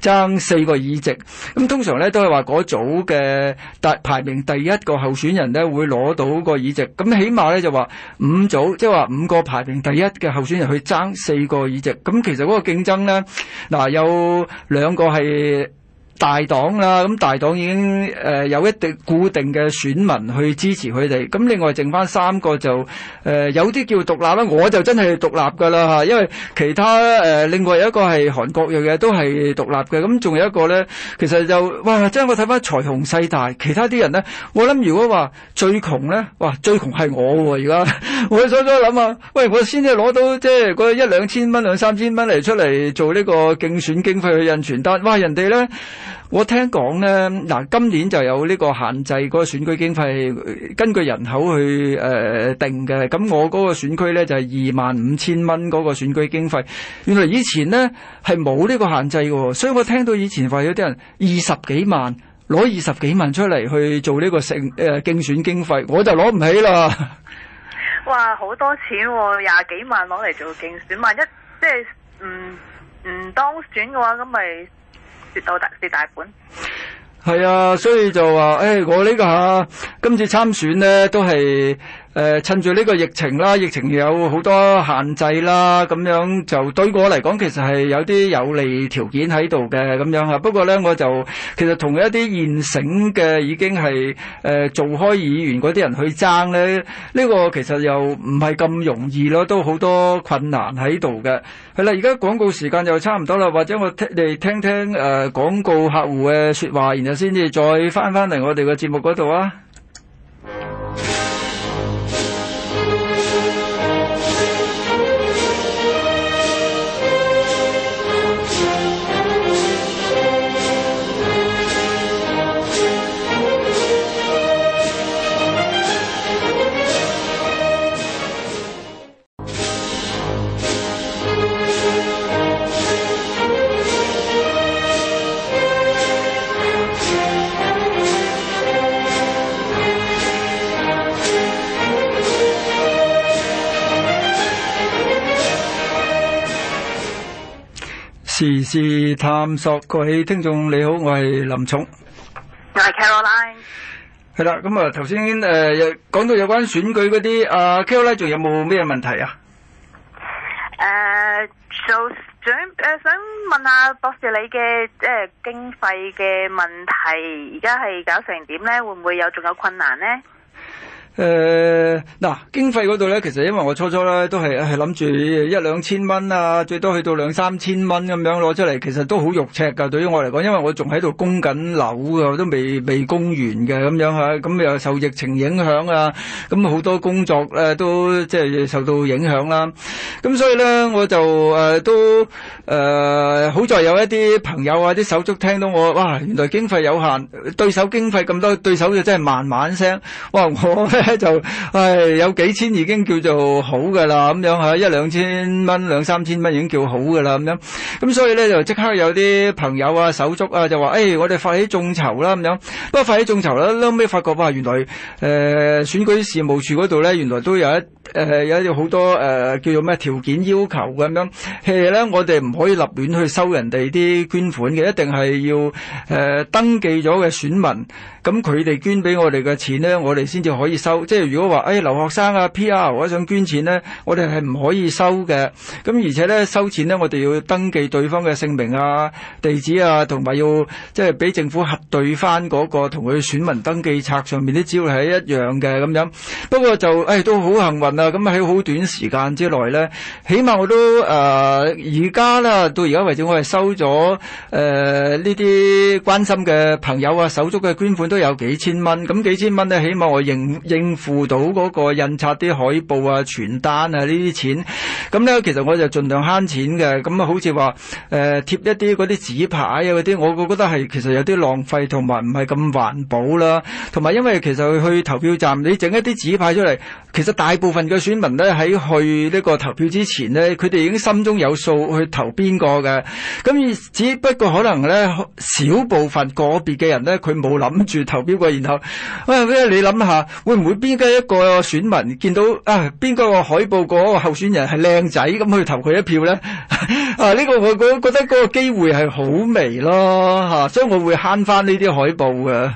爭四個議席。咁通常咧都係話嗰組嘅達排名第一個候選人咧會攞到個議席。咁起碼咧就話五組，即係話五個排名第一嘅候選人去爭四個議席。咁其實嗰個競爭咧嗱，有兩個係。大黨啦，咁大黨已經誒、呃、有一定固定嘅選民去支持佢哋。咁另外剩翻三個就誒、呃，有啲叫獨立啦，我就真係獨立㗎啦嚇。因為其他誒、呃，另外有一個係韓國裔嘅，都係獨立嘅。咁仲有一個咧，其實就哇，真我睇翻財雄勢大，其他啲人咧，我諗如果話最窮咧，哇，最窮係我喎、哦！而家 [laughs] 我喺度都諗啊，喂，我先至攞到即係嗰一兩千蚊、兩三千蚊嚟出嚟做呢個競選經費去印傳單。哇，人哋咧～我聽講呢，嗱今年就有呢個限制，嗰個選舉經費根據人口去誒、呃、定嘅。咁我嗰個選區呢，就係二萬五千蚊嗰個選舉經費。原來以前呢係冇呢個限制嘅，所以我聽到以前話有啲人二十幾萬攞二十幾萬出嚟去做呢個選誒競選經費，我就攞唔起啦。 [laughs] 哇，好多錢喎、哦！廿幾萬攞嚟做競選，萬一即係唔唔當選嘅話，咁咪、就係？到大四大本，係啊，所以就話，誒、哎，我呢、這個吓今次參選咧，都係。誒、呃，趁住呢個疫情啦，疫情有好多限制啦，咁樣就對我嚟講，其實係有啲有利條件喺度嘅，咁樣吓。不過咧，我就其實同一啲現成嘅已經係誒、呃、做開議員嗰啲人去爭咧，呢、呢個其實又唔係咁容易咯，都好多困難喺度嘅。係啦，而家廣告時間又差唔多啦，或者我聽你聽聽誒、呃、廣告客戶嘅說話，然後先至再翻翻嚟我哋嘅節目嗰度啊。時事探索，各位聽眾你好，我係林重。我係 Caroline。係啦，咁啊，頭先誒，講到有關選舉嗰啲，阿 Caroline 誒，嗱、呃啊，經費嗰度咧，其實因為我初初咧都係係諗住一兩千蚊啊，最多去到兩三千蚊咁樣攞出嚟，其實都好肉赤噶。對於我嚟講，因為我仲喺度供緊樓啊，都未未供完嘅咁樣吓，咁、啊、又、嗯、受疫情影響啊，咁、嗯、好多工作咧都即係受到影響啦。咁所以咧，我就誒都誒好在有一啲朋友啊，啲手足聽到我，哇！原來經費有限，對手經費咁多，對手就真係萬萬聲。哇！我咧 [laughs] 就誒有幾千已經叫做好嘅啦，咁樣嚇一兩千蚊、兩三千蚊已經叫好嘅啦，咁樣。咁所以咧就即刻有啲朋友啊、手足啊就話：誒、哎，我哋發起眾籌啦，咁樣。不過發起眾籌啦，後屘發覺哇，原來誒、呃、選舉事務處嗰度咧，原來都有一。誒、呃，有啲好多誒、呃，叫做咩條件要求嘅咁樣，其實咧我哋唔可以立亂去收人哋啲捐款嘅，一定係要誒、呃、登記咗嘅選民，咁佢哋捐俾我哋嘅錢咧，我哋先至可以收。即係如果話誒、哎、留學生啊、P.R. 或者想捐錢咧，我哋係唔可以收嘅。咁而且咧收錢咧，我哋要登記對方嘅姓名啊、地址啊，同埋要即係俾政府核對翻，嗰個同佢選民登記冊上面啲資料係一樣嘅咁樣。不過就誒、哎、都好幸運。嗱，咁喺好短時間之內咧，起碼我都誒而家啦到而家為止，我係收咗誒呢啲關心嘅朋友啊手足嘅捐款都有幾千蚊，咁、嗯、幾千蚊咧，起碼我應應付到個印刷啲海報啊、傳單啊呢啲錢，咁、嗯、咧，其實我就盡量慳錢嘅，咁、嗯、啊，好似話誒貼一啲嗰啲紙牌啊嗰啲，我我覺得係其實有啲浪費同埋唔係咁環保啦。同埋因為其實去投票站你整一啲紙牌出嚟，其實大部分嘅選民咧喺去呢個投票之前咧，佢哋已經心中有數去投邊個嘅。咁只不過可能咧少部分個別嘅人咧，佢冇諗住投票過。然後啊、哎，你諗下會唔會邊個一個選民見到啊邊個海報嗰個候選人係靚仔咁去投佢一票咧？ [laughs] 啊，呢、這個我我覺得嗰個機會係好微咯嚇、啊，所以我會慳翻呢啲海報嘅。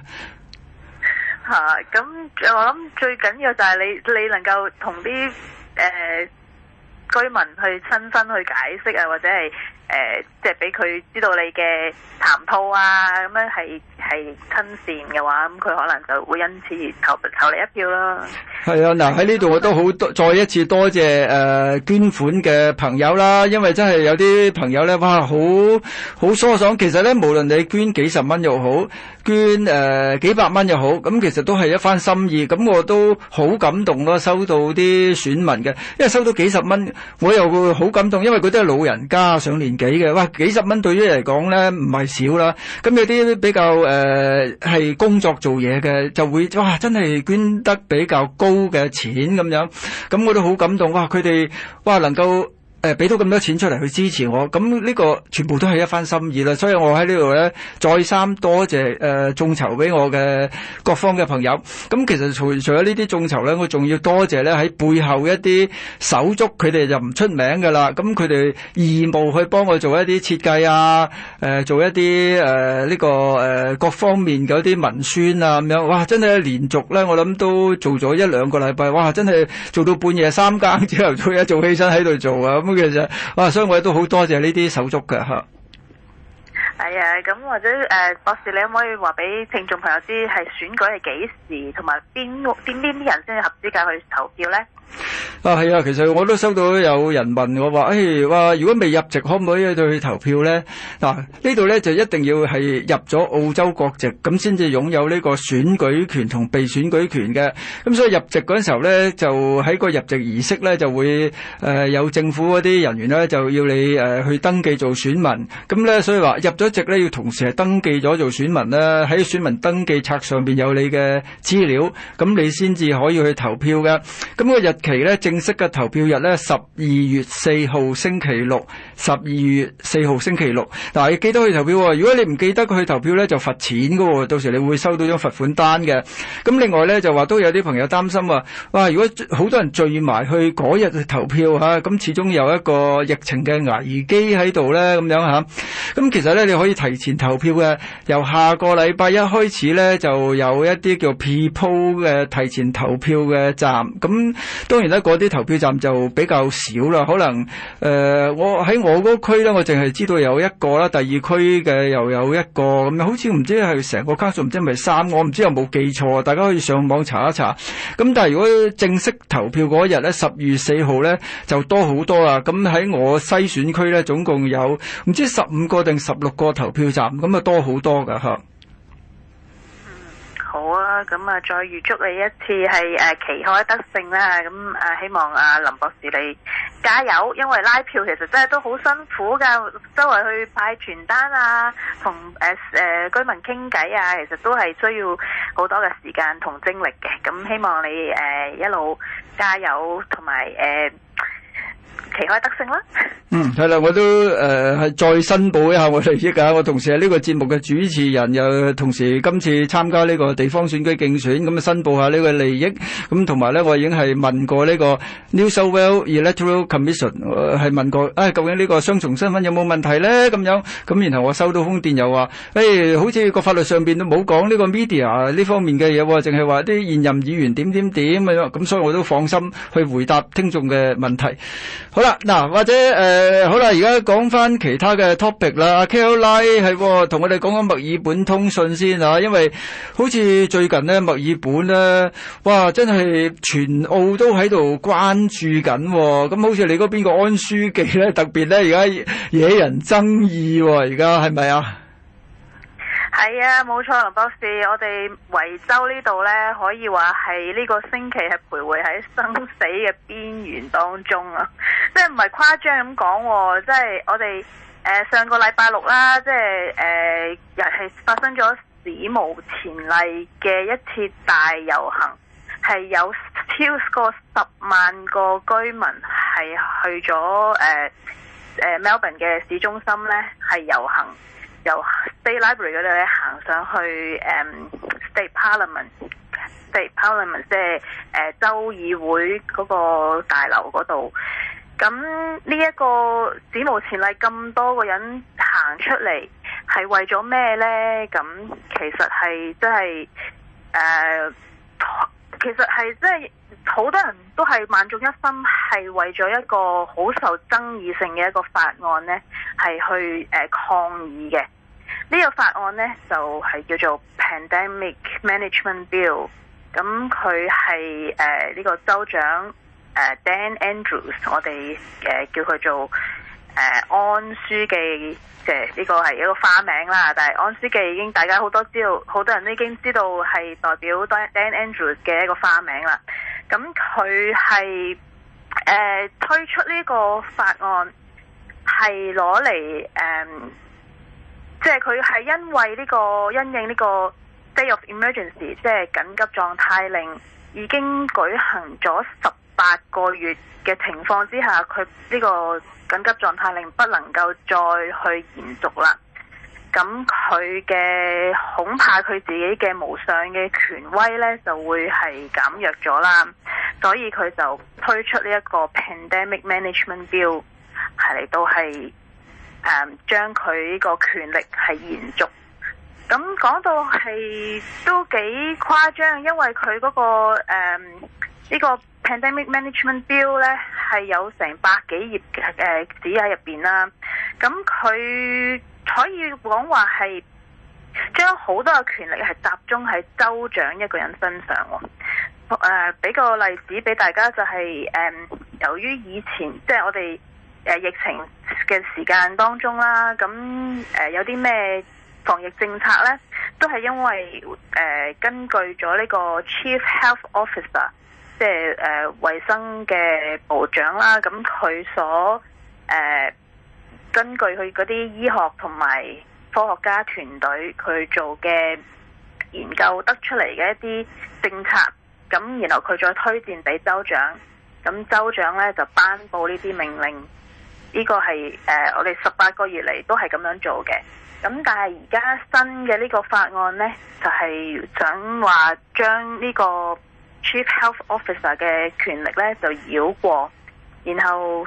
吓，咁、啊、我諗最緊要就係你，你能夠同啲誒居民去親身去解釋啊，或者係誒。呃即係俾佢知道你嘅談吐啊，咁樣係係親善嘅話，咁佢可能就會因此而投投你一票咯。係啊，嗱喺呢度我都好多再一次多謝誒捐款嘅朋友啦，因為真係有啲朋友咧，哇好好疏爽。其實咧，無論你捐幾十蚊又好，捐誒幾百蚊又好，咁其實都係一番心意。咁我都好感動咯，收到啲選民嘅，因為收到幾十蚊，我又會好感動，因為佢都係老人家上年紀嘅，喂！幾十蚊對於你嚟講呢唔係少啦，咁有啲比較誒係、呃、工作做嘢嘅就會哇真係捐得比較高嘅錢咁樣，咁我都好感動哇佢哋哇能夠。誒俾到咁多錢出嚟去支持我，咁呢個全部都係一番心意啦。所以我喺呢度咧，再三多謝誒、呃、眾籌俾我嘅各方嘅朋友。咁其實除除咗呢啲眾籌咧，我仲要多謝咧喺背後一啲手足，佢哋就唔出名噶啦。咁佢哋義務去幫我做一啲設計啊，誒、呃、做一啲誒呢個誒、呃、各方面嗰啲文宣啊咁樣。哇！真係連續咧，我諗都做咗一兩個禮拜。哇！真係做到半夜三更之後做嘢，做起身喺度做啊、嗯嘅啫，哇、啊！所以我都好多謝呢啲手足噶吓。係啊，咁、哎、或者誒、呃，博士，你可唔可以話俾聽眾朋友知，係選舉係幾時，同埋邊邊邊啲人先至合資格去投票咧？啊，係啊，其實我都收到有人問我話，誒，哇，如果未入籍可唔可以去投票呢？啊」嗱，呢度呢就一定要係入咗澳洲國籍，咁先至擁有呢個選舉權同被選舉權嘅。咁所以入籍嗰陣時候呢，就喺個入籍儀式呢，就會誒、呃、有政府嗰啲人員呢，就要你誒、呃、去登記做選民。咁呢，所以話入咗籍呢，要同時係登記咗做選民啦，喺選民登記冊上邊有你嘅資料，咁你先至可以去投票嘅。咁、嗰日。期咧，正式嘅投票日咧，十二月四號星期六，十二月四號星期六。嗱、啊，你記得去投票、哦。如果你唔記得去投票咧，就罰錢噶喎、哦。到時你會收到張罰款單嘅。咁另外咧就話都有啲朋友擔心話、哦，哇！如果好多人聚埋去嗰日去投票嚇，咁、啊嗯、始終有一個疫情嘅危機喺度咧，咁樣吓！咁、啊嗯、其實咧你可以提前投票嘅，由下個禮拜一開始咧就有一啲叫 pre-poll 嘅提前投票嘅站咁。嗯當然咧，嗰啲投票站就比較少啦。可能誒、呃，我喺我嗰區咧，我淨係知道有一個啦。第二區嘅又有一個咁樣，好似唔知係成個卡數唔知係咪三個，我唔知有冇記錯。大家可以上網查一查。咁但係如果正式投票嗰日咧，十二月四號咧，就多好多啦。咁喺我西選區咧，總共有唔知十五個定十六個投票站，咁啊多好多噶嚇。好啊，咁、嗯、啊，再預祝你一次係誒旗開得勝啦！咁、嗯、誒、啊、希望啊，林博士你加油，因為拉票其實真係都好辛苦㗎，周圍去派傳單啊，同誒誒居民傾偈啊，其實都係需要好多嘅時間同精力嘅。咁、嗯、希望你誒、呃、一路加油，同埋誒。呃奇開得性啦！嗯，係啦，我都誒係再申報一下我利益啊！我同時係呢個節目嘅主持人，又同時今次參加呢個地方選舉競選，咁啊申報下呢個利益。咁同埋咧，我已經係問過呢個 New South Wales Electoral Commission，係問過，唉，究竟呢個雙重身份有冇問題咧？咁樣咁，然後我收到封電又話，誒，好似個法律上邊都冇講呢個 media 呢方面嘅嘢喎，淨係話啲現任議員點點點啊咁，所以我都放心去回答聽眾嘅問題。啦嗱，或者誒、呃，好啦，而家講翻其他嘅 topic 啦，哦。阿 Kelly 係同我哋講講墨爾本通訊先吓，啊，因為好似最近咧，墨爾本咧，哇，真係全澳都喺度關注緊，哦。咁、嗯、好似你嗰邊個安書記咧，特別咧，而家惹人爭議，哦。而家係咪啊？係啊，冇錯，林博士，我哋維州呢度呢，可以話係呢個星期係徘徊喺生死嘅邊緣當中啊，即係唔係誇張咁講，即係我哋誒、呃、上個禮拜六啦，即係誒又係發生咗史無前例嘅一次大遊行，係有超過十萬個居民係去咗誒誒、呃呃、Melbourne 嘅市中心呢，係遊行。由 State Library 嗰度行上去，誒、um, State Parliament，State Parliament 即係誒、呃、州議會嗰個大樓嗰度。咁呢一個史無前例咁多個人行出嚟，係為咗咩咧？咁其實係即係誒。其實係即係好多人都係萬眾一心，係為咗一個好受爭議性嘅一個法案呢，係去誒、呃、抗議嘅。呢、這個法案呢，就係、是、叫做 Pandemic Management Bill，咁佢係誒呢個州長誒、呃、Dan Andrews，我哋誒、呃、叫佢做。誒、呃，安書記嘅呢、呃這個係一個花名啦，但係安書記已經大家好多知道，好多人都已經知道係代表 Dan Andrews 嘅一個花名啦。咁佢係誒推出呢個法案係攞嚟誒，即係佢係因為呢、這個因應呢個 day of Emergency，即係緊急狀態令，已經舉行咗十八個月嘅情況之下，佢呢、這個。緊急狀態令不能夠再去延續啦，咁佢嘅恐怕佢自己嘅無上嘅權威呢，就會係減弱咗啦，所以佢就推出呢一個 Pandemic Management Bill 係嚟到係誒將佢個權力係延續。咁講到係都幾誇張，因為佢嗰個、誒呢個 pandemic management bill 咧係有成百幾頁嘅誒紙喺入邊啦，咁、呃、佢、啊、可以講話係將好多嘅權力係集中喺州長一個人身上喎。誒、啊，俾個例子俾大家就係、是、誒、嗯，由於以前即係、就是、我哋疫情嘅時間當中啦，咁、啊、誒、啊、有啲咩防疫政策呢？都係因為誒、啊、根據咗呢個 Chief Health Officer。即係誒，衛、呃、生嘅部長啦，咁佢所誒、呃、根據佢嗰啲醫學同埋科學家團隊佢做嘅研究得出嚟嘅一啲政策，咁然後佢再推薦俾州長，咁州長咧就頒布呢啲命令。呢、這個係誒、呃、我哋十八個月嚟都係咁樣做嘅，咁但係而家新嘅呢個法案咧，就係、是、想話將呢個。Chief Health Officer 嘅權力咧就繞過，然後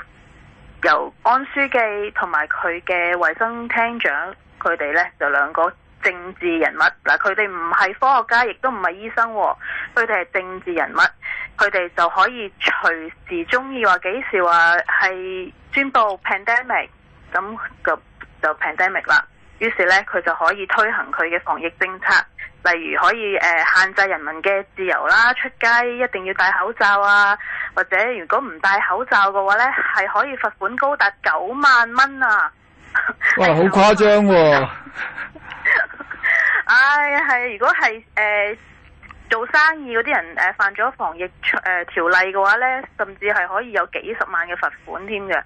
由安書記同埋佢嘅衞生廳長佢哋咧就兩個政治人物嗱，佢哋唔係科學家，亦都唔係醫生，哦，佢哋係政治人物，佢哋就可以隨時鍾意話幾時話係宣布 pandemic，咁就就 pandemic 啦，於是咧佢就可以推行佢嘅防疫政策。例如可以誒、呃、限制人民嘅自由啦，出街一定要戴口罩啊，或者如果唔戴口罩嘅話咧，係可以罰款高達九萬蚊啊！哇， [laughs] 萬元 好誇張喎！唉、 [laughs] 哎，係如果係誒、呃、做生意嗰啲人誒、呃、犯咗防疫誒、呃、條例嘅話咧，甚至係可以有幾十萬嘅罰款添嘅。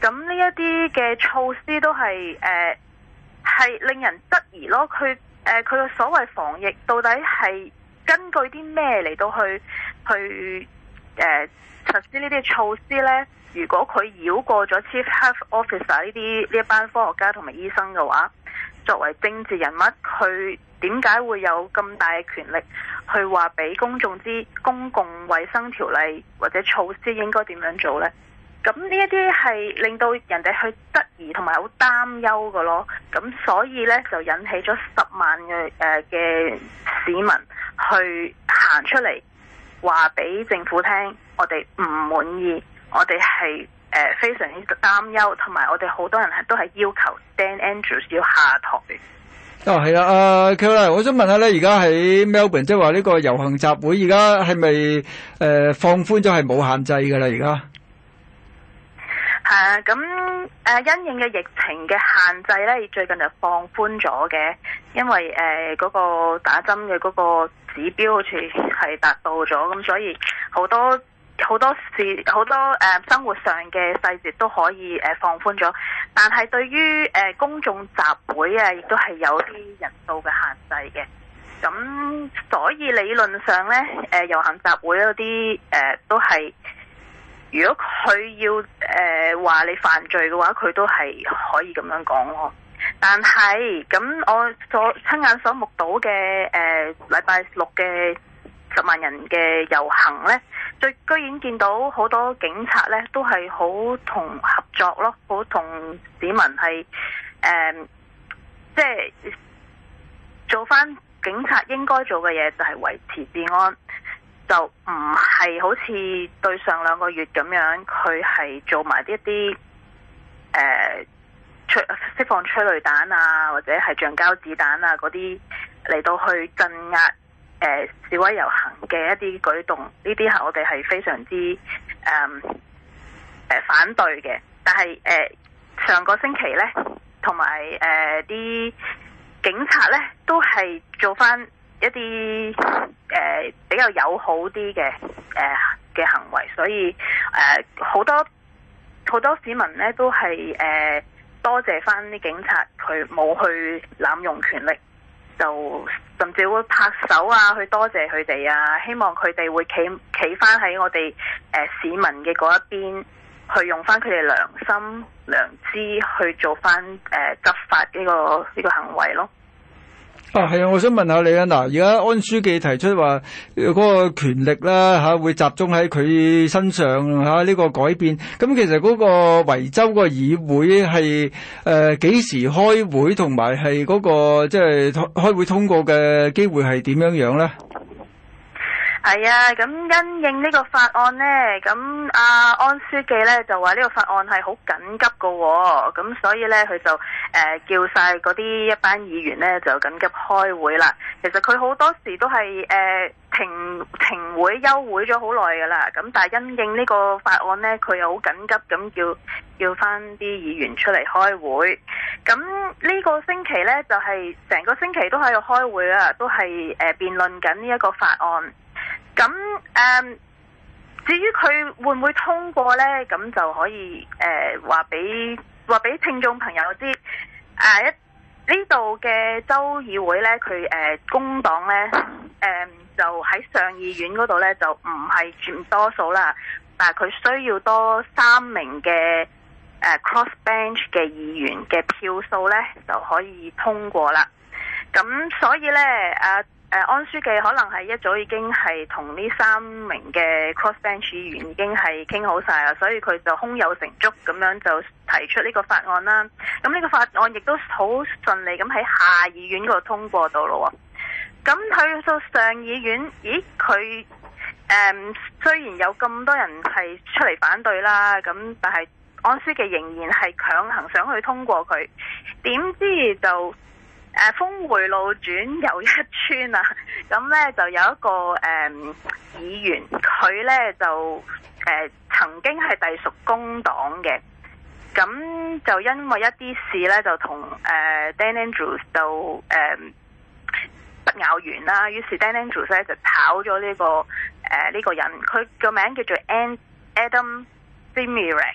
咁呢一啲嘅措施都係，誒、呃、係令人質疑咯，佢。誒佢嘅所謂防疫到底係根據啲咩嚟到去去誒實施呢啲措施呢？如果佢繞過咗 Chief Health Officer 呢啲呢一班科學家同埋醫生嘅話，作為政治人物，佢點解會有咁大嘅權力去話俾公眾知公共衛生條例或者措施應該點樣做呢？咁呢一啲係令到人哋去得意，同埋好擔憂噶咯。咁所以呢，就引起咗十萬嘅嘅、呃、市民去行出嚟話俾政府聽，我哋唔滿意，我哋係誒非常之擔憂，同埋我哋好多人係都係要求 Dan Andrews 要下台。哦，係啊，阿、呃、Kola，我想問下咧，而家喺 Melbourne 即係話呢個遊行集會，而家係咪誒放寬咗係冇限制噶啦？而家？係啊，咁誒因應嘅疫情嘅限制咧，最近就放寬咗嘅，因為誒嗰、呃嗰個打針嘅嗰個指標好似係達到咗，咁、嗯、所以好多好多事好多誒、呃、生活上嘅細節都可以誒、呃、放寬咗，但係對於誒、呃、公眾集會啊，亦都係有啲人數嘅限制嘅。咁、嗯、所以理論上咧，誒、呃、遊行集會嗰啲誒都係。如果佢要誒話、呃、你犯罪嘅話，佢都係可以咁樣講咯。但係咁，我所親眼所目睹嘅誒禮拜六嘅十萬人嘅遊行咧，最居然見到好多警察咧，都係好同合作咯，好同市民係誒即係做翻警察應該做嘅嘢，就係維持治安。就唔係好似對上兩個月咁樣，佢係做埋一啲誒，出、呃、釋放催淚彈啊，或者係橡膠子彈啊嗰啲嚟到去鎮壓誒、呃、示威遊行嘅一啲舉動，呢啲係我哋係非常之誒誒反對嘅。但係誒、呃、上個星期咧，同埋誒啲警察咧，都係做返。一啲誒、呃、比較友好啲嘅誒嘅行為，所以誒好、呃、多好多市民咧都係誒、呃、多謝翻啲警察，佢冇去濫用權力，就甚至會拍手啊去多謝佢哋啊，希望佢哋會企企翻喺我哋誒、呃、市民嘅嗰一邊，去用翻佢哋良心良知去做翻誒執法呢、這個呢、這個行為咯。啊，係啊！我想問下你啊，嗱，而家安書記提出話嗰個權力啦，嚇會集中喺佢身上嚇呢個改變。咁其實嗰個維州個議會係誒幾時開會，同埋係嗰個即係、就是、開會通過嘅機會係點樣樣咧？係啊，咁因應呢個法案呢，咁阿、啊、安書記呢就話呢個法案係好緊急噶、哦，咁所以呢，佢就誒、呃、叫晒嗰啲一班議員呢就緊急開會啦。其實佢好多時都係誒、呃、停停會休會咗好耐噶啦，咁但係因應呢個法案呢，佢又好緊急咁叫叫翻啲議員出嚟開會。咁呢個星期呢，就係、是、成個星期都喺度開會啊，都係誒辯論緊呢一個法案。咁誒、嗯，至於佢會唔會通過咧？咁就可以誒話俾話俾聽眾朋友知，啊一呢度嘅州議會咧，佢誒、呃、工黨咧誒、呃、就喺上議院嗰度咧就唔係絕多數啦，但係佢需要多三名嘅誒、呃、Cross Bench 嘅議員嘅票數咧就可以通過啦。咁所以咧啊～、呃誒安書記可能係一早已經係同呢三名嘅 crossbench 議員已經係傾好晒啦，所以佢就胸有成竹咁樣就提出呢個法案啦。咁呢個法案亦都好順利咁喺下議院度通過到咯。咁去到上議院，咦？佢誒、嗯、雖然有咁多人係出嚟反對啦，咁但係安書記仍然係強行想去通過佢，點知就誒峰迴路轉又一村啊！咁、嗯、咧就有一個誒、嗯、議員，佢咧就誒、呃、曾經係隸屬工黨嘅，咁、嗯、就因為一啲事咧就同誒、呃、Dan Andrews 就誒、嗯、不咬完啦，於是 Dan Andrews 咧就炒咗呢、這個誒呢、呃這個人，佢個名叫做 Adem Somyurek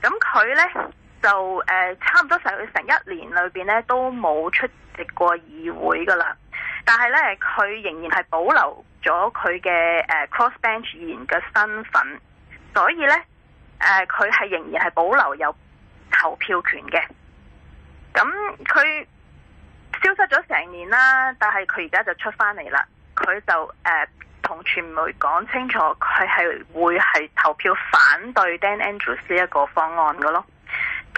咁佢咧。就誒、呃，差唔多成成一年裏邊咧，都冇出席過議會噶啦。但係咧，佢仍然係保留咗佢嘅誒、呃、crossbench 議員嘅身份，所以咧，誒佢係仍然係保留有投票權嘅。咁、嗯、佢消失咗成年啦，但係佢而家就出翻嚟啦。佢就誒同傳媒講清楚，佢係會係投票反對 Dan Andrews 呢一個方案嘅咯。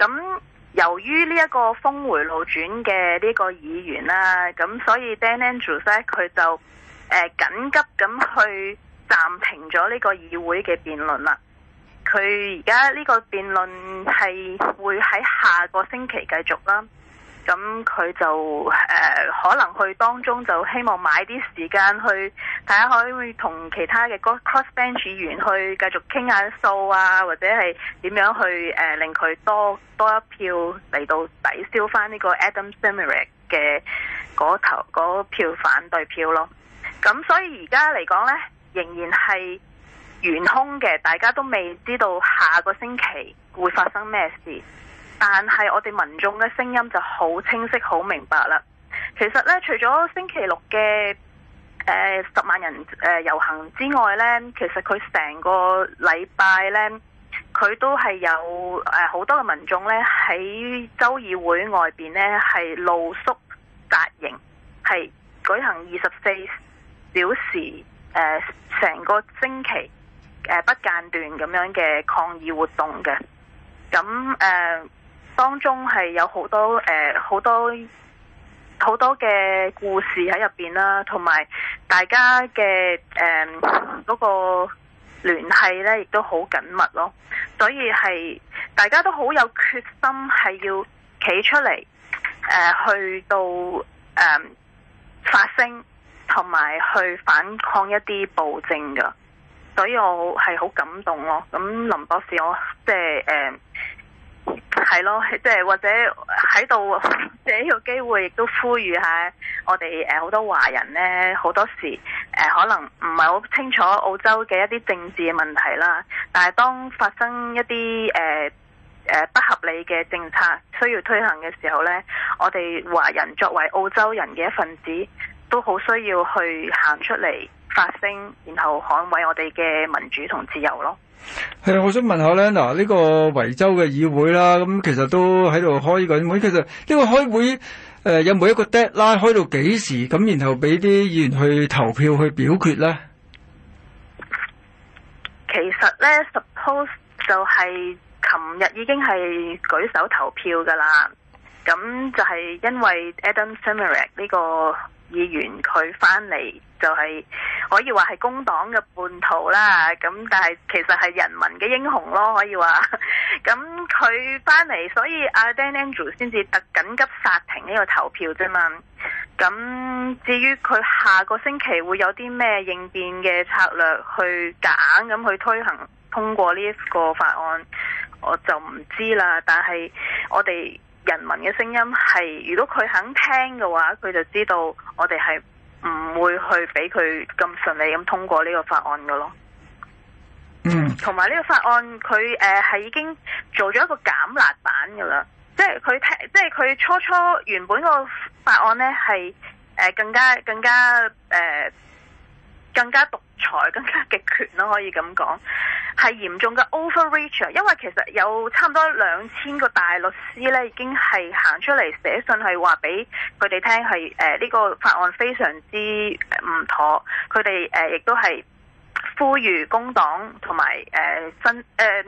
咁由於呢一個峰回路轉嘅呢個議員啦、啊，咁所以 Dan Andrews 佢就誒、呃、緊急咁去暫停咗呢個議會嘅辯論啦。佢而家呢個辯論係會喺下個星期繼續啦。咁佢就誒、呃、可能去當中就希望買啲時間去，睇下可以同其他嘅嗰 crossbench 議員去繼續傾下數啊，或者係點樣去誒、呃、令佢多多一票嚟到抵消翻呢個 Adam s y m m e r i c 嘅嗰頭嗰票反對票咯。咁所以而家嚟講咧，仍然係懸空嘅，大家都未知道下個星期會發生咩事。但係我哋民眾嘅聲音就好清晰、好明白啦。其實咧，除咗星期六嘅誒、呃、十萬人誒遊、呃、行之外咧，其實佢成個禮拜咧，佢都係有誒好、呃、多嘅民眾咧喺州議會外邊咧係露宿紮營，係舉行二十四小時誒成個星期誒、呃、不間斷咁樣嘅抗議活動嘅。咁誒。呃當中係有好多誒，呃、好多好多嘅故事喺入邊啦，同埋大家嘅誒嗰個聯繫咧，亦都好緊密咯。所以係大家都好有決心，係要企出嚟誒，去到誒、呃、發聲，同埋去反抗一啲暴政噶。所以我係好感動咯。咁林博士，我，我即係誒。呃係咯，即係或者喺度借呢個機會，亦都呼籲下我哋誒好多華人呢。好多時誒可能唔係好清楚澳洲嘅一啲政治嘅問題啦。但係當發生一啲誒誒不合理嘅政策需要推行嘅時候呢，我哋華人作為澳洲人嘅一份子，都好需要去行出嚟，發聲，然後捍衛我哋嘅民主同自由咯。係，我想問下咧，嗱呢、這個維州嘅議會啦，咁其實都喺度開緊會。其實呢個開會誒、呃，有冇一個 deadline 開到幾時？咁然後俾啲議員去投票去表決咧。其實咧，suppose 就係琴日已經係舉手投票噶啦。咁就係因為 Adam Somyurek 呢、這個。議員佢返嚟就係、是、可以話係工黨嘅叛徒啦，咁但係其實係人民嘅英雄咯，可以話。咁佢返嚟，所以阿 Dan Andrews 先至特緊急煞停呢個投票啫嘛。咁至於佢下個星期會有啲咩應變嘅策略去揀咁去推行通過呢一個法案，我就唔知啦。但係我哋。人民嘅聲音係，如果佢肯聽嘅話，佢就知道我哋係唔會去俾佢咁順利咁通過呢個法案嘅咯。嗯，同埋呢個法案佢誒係已經做咗一個減辣版嘅啦，即係佢聽，即係佢初初原本個法案呢係誒、呃、更加更加誒。呃更加獨裁、更加極權咯，可以咁講，係嚴重嘅 overreach。Acher，因為其實有差唔多兩千個大律師咧，已經係行出嚟寫信係話俾佢哋聽，係誒呢個法案非常之唔妥。佢哋誒亦都係呼籲工黨同埋誒新誒、呃、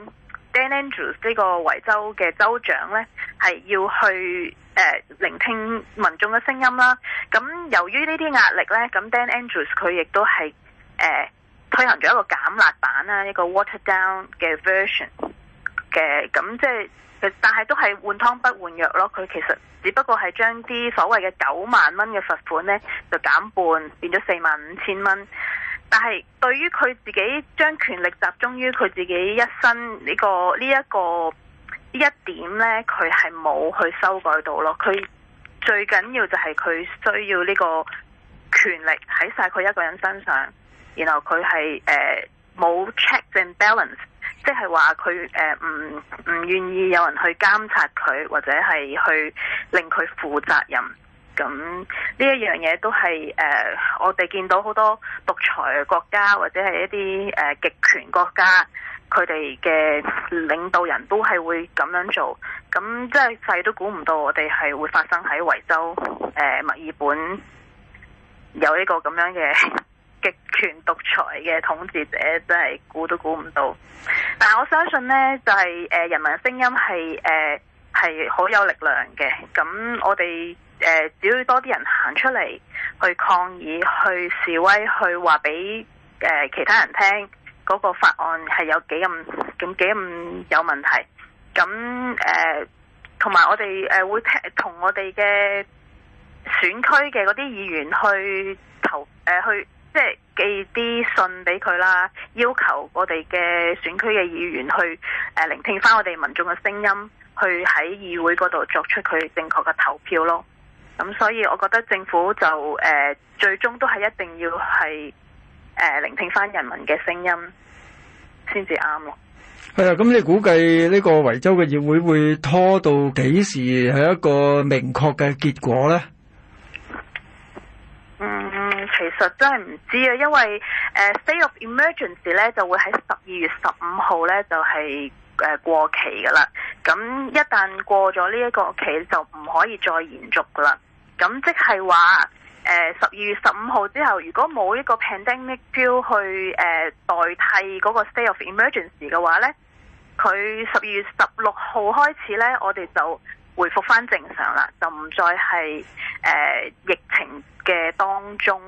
Dan Andrews 呢個維州嘅州長咧，係要去，誒、呃、聆聽民眾嘅聲音啦，咁由於呢啲壓力呢，咁 Dan Andrews 佢亦都係誒、呃、推行咗一個減辣版啦，一個 water down 嘅 version 嘅，咁即係但係都係換湯不換藥咯。佢其實只不過係將啲所謂嘅九萬蚊嘅罰款呢，就減半變咗四萬五千蚊。但係對於佢自己將權力集中於佢自己一身呢個呢一個。這個呢一點呢，佢係冇去修改到咯。佢最緊要就係佢需要呢個權力喺晒佢一個人身上，然後佢係誒冇 check and balance，即係話佢誒唔唔願意有人去監察佢，或者係去令佢負責任。咁呢一樣嘢都係誒、呃，我哋見到好多獨裁國家或者係一啲誒極權國家，佢哋嘅領導人都係會咁樣做。咁即係細都估唔到，我哋係會發生喺維州誒墨爾本有呢個咁樣嘅極權獨裁嘅統治者，真係估都估唔到。但係我相信呢，就係、是、誒、呃、人民嘅聲音係誒係好有力量嘅。咁、嗯、我哋。誒、呃，只要多啲人行出嚟去抗議、去示威、去話俾誒其他人聽，嗰個法案係有幾咁咁幾咁有問題。咁誒，同、呃、埋我哋誒、呃、會聽同我哋嘅選區嘅嗰啲議員去投誒、呃、去，即係寄啲信俾佢啦，要求我哋嘅選區嘅議員去誒、呃、聆聽翻我哋民眾嘅聲音，去喺議會嗰度作出佢正確嘅投票咯。咁、嗯、所以，我覺得政府就誒、呃、最終都係一定要係誒、呃、聆聽翻人民嘅聲音先至啱咯。係啊，咁你估計呢個維州嘅議會會拖到幾時係一個明確嘅結果咧？嗯，其實真係唔知啊，因為誒、呃、state of emergency 咧就會喺十二月十五號咧就係、是。誒，過期噶啦，咁一旦過咗呢一個期，就唔可以再延續噶啦。咁即係話，誒十二月十五號之後，如果冇一個 pending 標去誒、呃、代替嗰個 state of emergency 嘅話呢，佢十二月十六號開始呢，我哋就回復翻正常啦，就唔再係誒、呃、疫情嘅當中。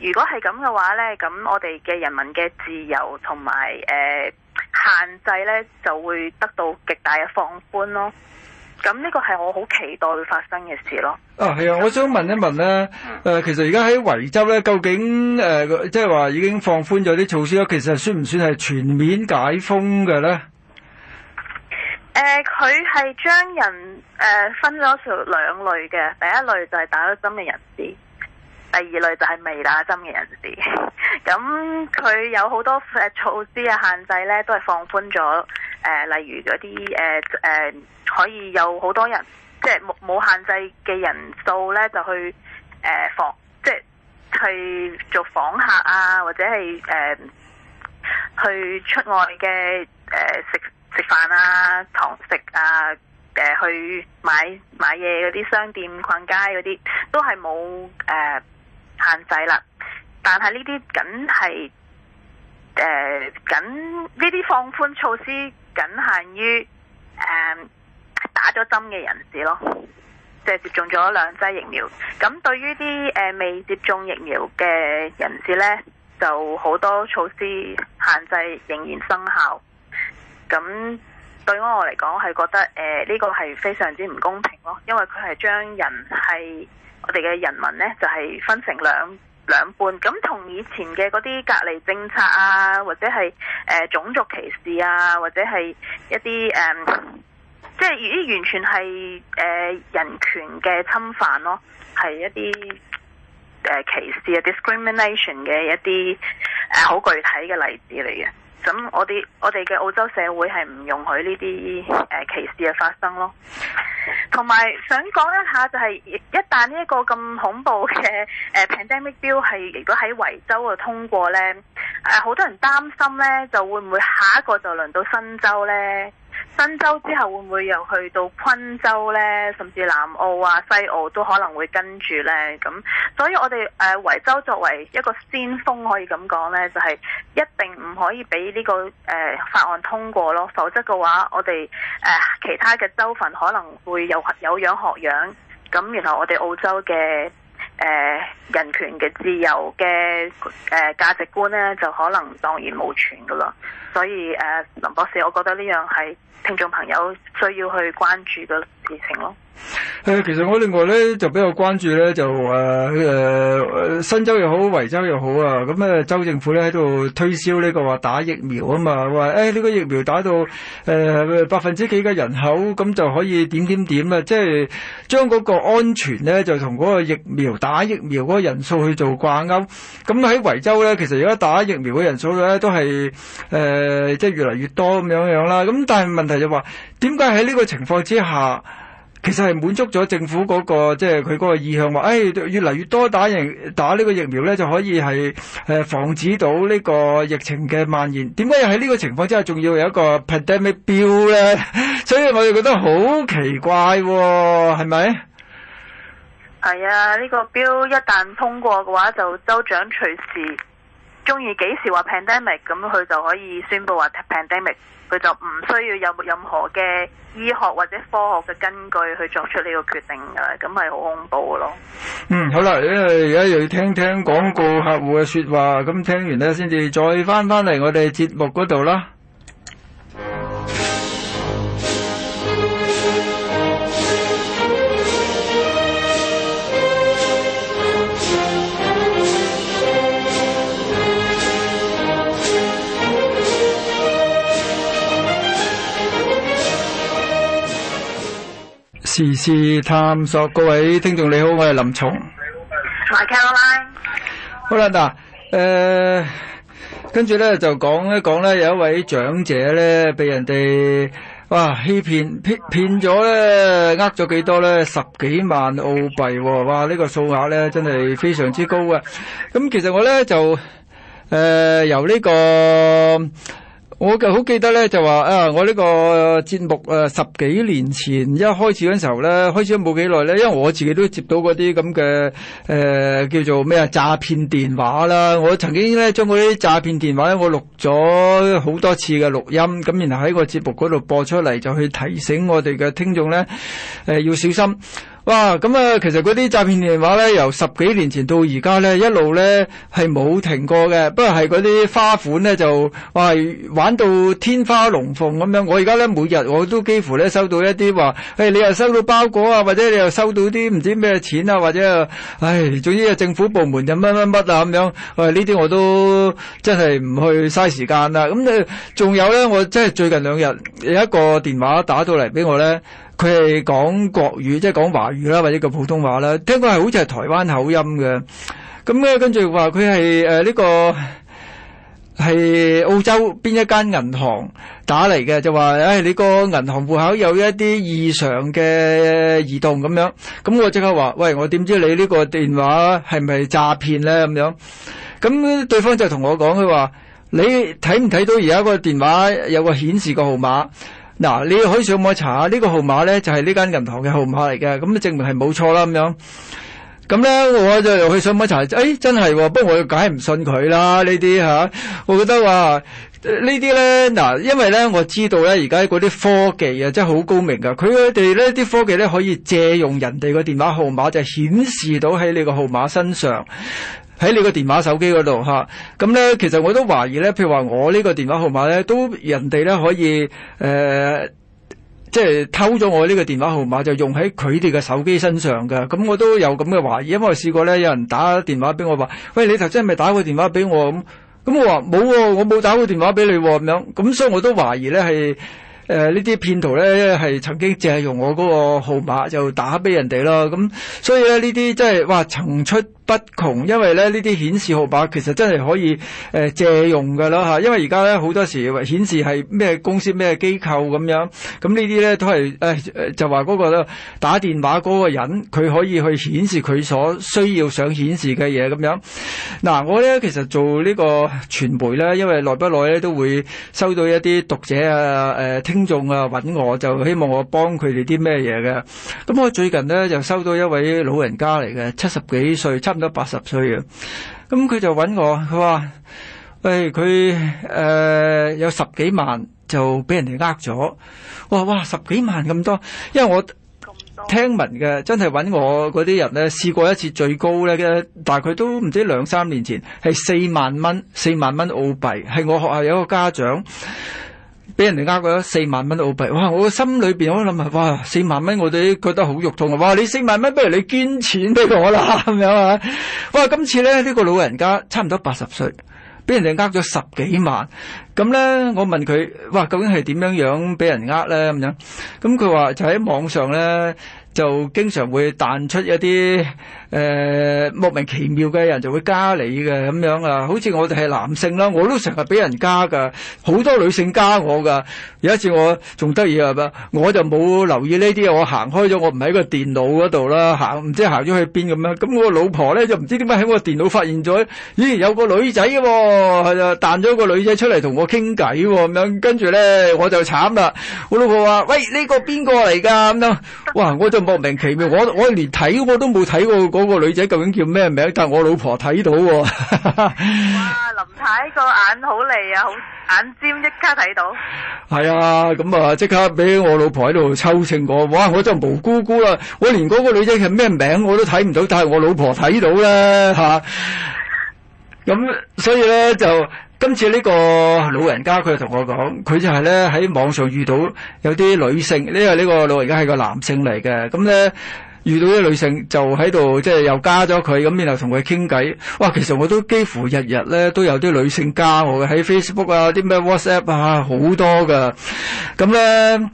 如果係咁嘅話呢，咁我哋嘅人民嘅自由同埋誒。呃限制咧就會得到極大嘅放寬咯，咁呢個係我好期待會發生嘅事咯。啊，係啊，我想問一問咧，誒、呃，其實而家喺維州咧，究竟誒，即係話已經放寬咗啲措施，其實算唔算係全面解封嘅咧？誒、呃，佢係將人誒、呃、分咗成兩類嘅，第一類就係打咗針嘅人士。第二類就係未打針嘅人士，咁佢有好多誒措施啊限制咧，都係放寬咗誒，例如嗰啲誒誒可以有好多人，即係冇冇限制嘅人數咧，就去誒訪、呃，即係去做訪客啊，或者係誒、呃、去出外嘅誒、呃、食食飯啊，堂食啊，誒、呃、去買買嘢嗰啲商店逛街嗰啲，都係冇誒。呃限制啦，但係呢啲僅係誒，僅呢啲放寬措施僅限於誒、呃、打咗針嘅人士咯，即係接種咗兩劑疫苗。咁對於啲誒未接種疫苗嘅人士呢，就好多措施限制仍然生效。咁對於我嚟講係覺得誒呢個係非常之唔公平咯，因為佢係將人係，我哋嘅人民呢，就係、是、分成兩兩半，咁同以前嘅嗰啲隔離政策啊，或者係誒、呃、種族歧視啊，或者係一啲誒、呃、即係完全係誒、呃、人權嘅侵犯咯，係一啲誒、呃、歧視啊 discrimination 嘅一啲誒好具體嘅例子嚟嘅。咁我哋我哋嘅澳洲社會係唔容許呢啲誒歧視嘅發生咯，同埋想講一下就係、是、一旦呢一個咁恐怖嘅誒、呃、pandemic bill 係如果喺維州度通過咧，誒、呃、好多人擔心咧就會唔會下一個就輪到新州咧？新州之後會唔會又去到昆州呢？甚至南澳啊、西澳都可能會跟住呢。咁，所以我哋誒、呃、維州作為一個先鋒，可以咁講呢，就係、是、一定唔可以俾呢、這個誒、呃、法案通過咯。否則嘅話，我哋誒、呃、其他嘅州份可能會有有樣學樣。咁，然後我哋澳洲嘅誒、呃、人權嘅自由嘅誒、呃、價值觀呢，就可能蕩然無存噶啦。所以誒、呃，林博士，我覺得呢樣係。聽眾朋友需要去關注嘅事情咯。誒，其實我另外咧就比較關注咧就誒誒誒新州又好，維州又好啊。咁啊州政府咧喺度推銷呢個話打疫苗啊嘛，話誒呢個疫苗打到誒、呃、百分之幾嘅人口咁就可以點點點啊，即係將嗰個安全咧就同嗰個疫苗打疫苗嗰個人數去做掛鈎，咁喺維州咧，其實而家打疫苗嘅人數咧都係誒即係越嚟越多咁樣這樣啦。咁但係問題。就話點解喺呢個情況之下，其實係滿足咗政府嗰、嗰個即係佢嗰個意向，話誒、哎、越嚟越多打疫打呢個疫苗咧，就可以係誒防止到呢個疫情嘅蔓延。點解又喺呢個情況之下，仲要有一個 pandemic 標咧？ [laughs] 所以我哋覺得好奇怪，哦，係咪？係啊，呢、這個標一旦通過嘅話，就州長隨時中意幾時話 pandemic，咁佢就可以宣布話 pandemic。佢就唔需要有任何嘅醫學或者科學嘅根據去作出呢個決定噶啦，咁咪好恐怖咯。嗯，好啦，因為而家又要聽聽廣告客戶嘅說話，咁聽完咧先至再翻翻嚟我哋節目嗰度啦。時事探索，各位聽眾你好，我係林松。好啦，嗱，呃，跟住呢就講一講呢，有一位長者呢，俾人哋，嘩，欺騙，騙咗呢，呃咗幾多呢？十幾萬澳幣，嘩！呢個數額呢，真係非常之高啊！咁其實我呢就，呃，由呢個。我就好記得咧，就話啊，我呢個節目啊，十幾年前一開始嗰陣時候咧，開始都冇幾耐咧，因為我自己都接到嗰啲，咁嘅，誒，叫做咩啊，詐騙電話啦。我曾經咧將嗰啲詐騙電話咧，我錄咗好多次嘅錄音，咁然後喺個節目嗰度播出嚟，就去提醒我哋嘅聽眾咧，誒，呃，要小心。哇！咁、嗯、啊，其實嗰啲詐騙電話咧，由十幾年前到而家咧，一路咧係冇停過嘅。不過係嗰啲花款咧，就話玩到天花龍鳳咁樣。我而家咧每日我都幾乎咧收到一啲話，誒、哎、你又收到包裹啊，或者你又收到啲唔知咩錢啊，或者誒，唉、哎，總之啊，政府部門就乜乜乜啊咁樣。我呢啲我都真係唔去嘥時間啦。咁你仲有咧，我即係最近兩日有一個電話打到嚟俾我咧。佢係講國語，即係講華語啦，或者個普通話啦，聽講係好似係台灣口音嘅。咁咧，跟住話佢係誒呢個係澳洲邊一間銀行打嚟嘅，就話誒、哎、你個銀行戶口有一啲異常嘅移動咁樣。咁我即刻話：喂，我點知你呢個電話係咪詐騙咧？咁樣。咁對方就同我講：佢話你睇唔睇到而家個電話有個顯示個號碼？嗱，你可以上網查下呢個號碼咧，就係呢間銀行嘅號碼嚟嘅，咁證明係冇錯啦咁樣。咁咧，我就又去上網查，誒，真係喎，不過我梗係唔信佢啦，呢啲吓，我覺得話，呃，呢啲咧，嗱，因為咧我知道咧，而家嗰啲科技啊，真係好高明噶，佢哋呢啲科技咧可以借用人哋個電話號碼，就顯示到喺你個號碼身上。喺你個電話手機嗰度吓，咁、啊、咧、嗯、其實我都懷疑咧，譬如話我呢個電話號碼咧，都人哋咧可以誒，即、呃、係、就是、偷咗我呢個電話號碼就用喺佢哋嘅手機身上嘅，咁、嗯、我都有咁嘅懷疑，因為我試過咧有人打電話俾我話，喂你頭先係咪打個電話俾我咁，咁我話冇喎，我冇、啊、打個電話俾你喎、啊，咁樣，咁、嗯、所以我都懷疑咧係誒呢啲騙徒咧係曾經借用我嗰個號碼就打俾人哋咯，咁、嗯、所以咧呢啲即係話曾出不窮，因為咧呢啲顯示號碼其實真係可以誒借用噶啦吓，因為而家咧好多時顯示係咩公司咩機構咁樣，咁呢啲咧都係誒、哎、就話個咧打電話個人佢可以去顯示佢所需要想顯示嘅嘢咁樣，嗱，我咧其實做個呢個傳媒咧，因為耐不耐咧都會收到一啲讀者啊、誒聽眾啊揾我，就希望我幫佢哋啲咩嘢嘅。咁我最近咧就收到一位老人家嚟嘅，七十幾歲。差唔多八十歲啊！咁佢就揾我，佢話：誒、哎，佢誒、呃、有十幾萬就俾人哋呃咗。我話：哇，十幾萬咁多。因為我聽聞嘅，真係揾我嗰啲人咧，試過一次最高咧嘅，大概都唔知兩三年前係四萬蚊，四萬蚊澳幣，係我學校有一個家長。俾人哋呃咗四萬蚊澳幣，哇！我心裏邊我諗啊，哇！四萬蚊我哋覺得好肉痛啊！哇！你四萬蚊不如你捐錢俾我啦咁樣啊！哇！今次咧呢個老人家差唔多八十歲，俾人哋呃咗十幾萬，咁咧我問佢，哇！究竟係點樣樣俾人呃咧咁樣？咁佢話就喺網上咧。就經常會彈出一啲誒、呃、莫名其妙嘅人，就會加你嘅咁樣啊！好似我哋係男性啦，我都成日俾人加噶，好多女性加我噶。有一次我仲得意啊嘛，我就冇留意呢啲，我行開咗，我唔喺個電腦嗰度啦，行唔知行咗去邊咁樣。咁我老婆咧就唔知點解喺我電腦發現咗，咦有個女仔喎、係，啊彈咗個女仔出嚟同我傾偈喎咁樣。跟住咧我就慘啦，我老婆話：喂呢、呢個邊個嚟㗎咁樣？哇我就。莫名其妙，我我連睇我都冇睇過嗰個女仔究竟叫咩名，但係我老婆睇到，哦。 [laughs] 哇，林太個眼好利啊，好眼尖，即刻睇到。係 [laughs] 啊，咁啊，即刻俾我老婆喺度抽稱我，哇，我真係無辜辜啦。我連嗰個女仔係咩名我都睇唔到，但係我老婆睇到咧，吓，啊。咁所以咧就。今次呢個老人家佢就同我講，佢就係咧喺網上遇到有啲女性，因為呢個老人家係個男性嚟嘅，咁咧遇到啲女性就喺度即係又加咗佢，咁然後同佢傾偈。哇，其實我都幾乎日日咧都有啲女性加我嘅，喺 Facebook 啊，啲咩 WhatsApp 啊，好多㗎，咁咧。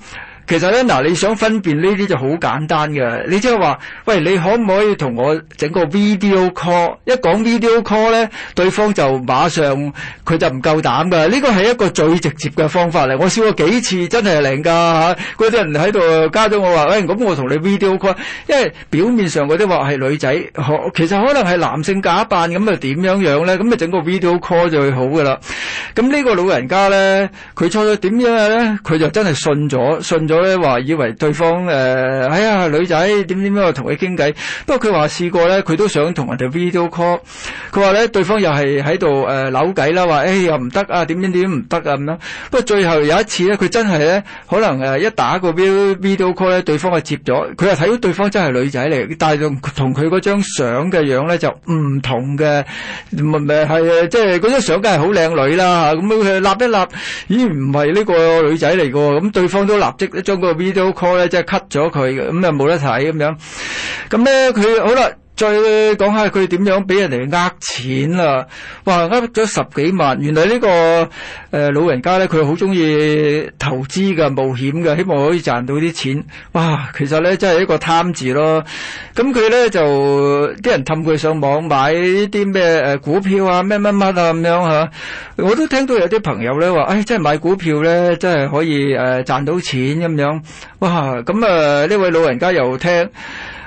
其實咧，嗱你想分辨呢啲就好簡單嘅，你即係話喂，你可唔可以同我整個 video call？一講 video call 咧，對方就馬上佢就唔夠膽噶。呢個係一個最直接嘅方法嚟。我試過幾次，真係靈㗎吓，嗰、啊、啲人喺度加咗我話喂，咁我同你 video call，因為表面上啲話係女仔，其實可能係男性假扮咁啊點樣樣咧？咁啊整個 video call 就會好㗎啦。咁呢個老人家咧，佢初初點樣咧，佢就真係信咗，信咗。咧話以為對方誒，哎呀女仔點點點，我同佢傾偈。不過佢話試過咧，佢都想同人哋 video call。佢話咧，對方又係喺度誒扭計啦，話誒又唔得啊，點點點唔得啊咁樣。不過最後有一次咧，佢真係咧，可能誒一打個 video call 咧，對方就接咗。佢又睇到對方真係女仔嚟，但係同同佢嗰張相嘅樣咧就唔同嘅，唔係唔係係誒，即係嗰張相梗係好靚女啦吓，咁佢立一立，咦唔係呢個女仔嚟噶，咁對方都立即。將個 video call 咧，即係 cut 咗佢，咁啊，冇得睇咁樣，咁咧佢好啦。再講下佢點樣俾人哋呃錢啦、啊？哇，呃咗十幾萬，原來呢、呢個誒、呃、老人家咧，佢好中意投資嘅冒險嘅，希望可以賺到啲錢。哇，其實咧真係一個貪字咯。咁佢咧就啲人氹佢上網買啲咩誒股票啊，咩乜乜啊咁樣嚇。我都聽到有啲朋友咧話，誒、哎、真係買股票咧真係可以誒、呃、賺到錢咁樣。哇，咁啊呢位老人家又聽。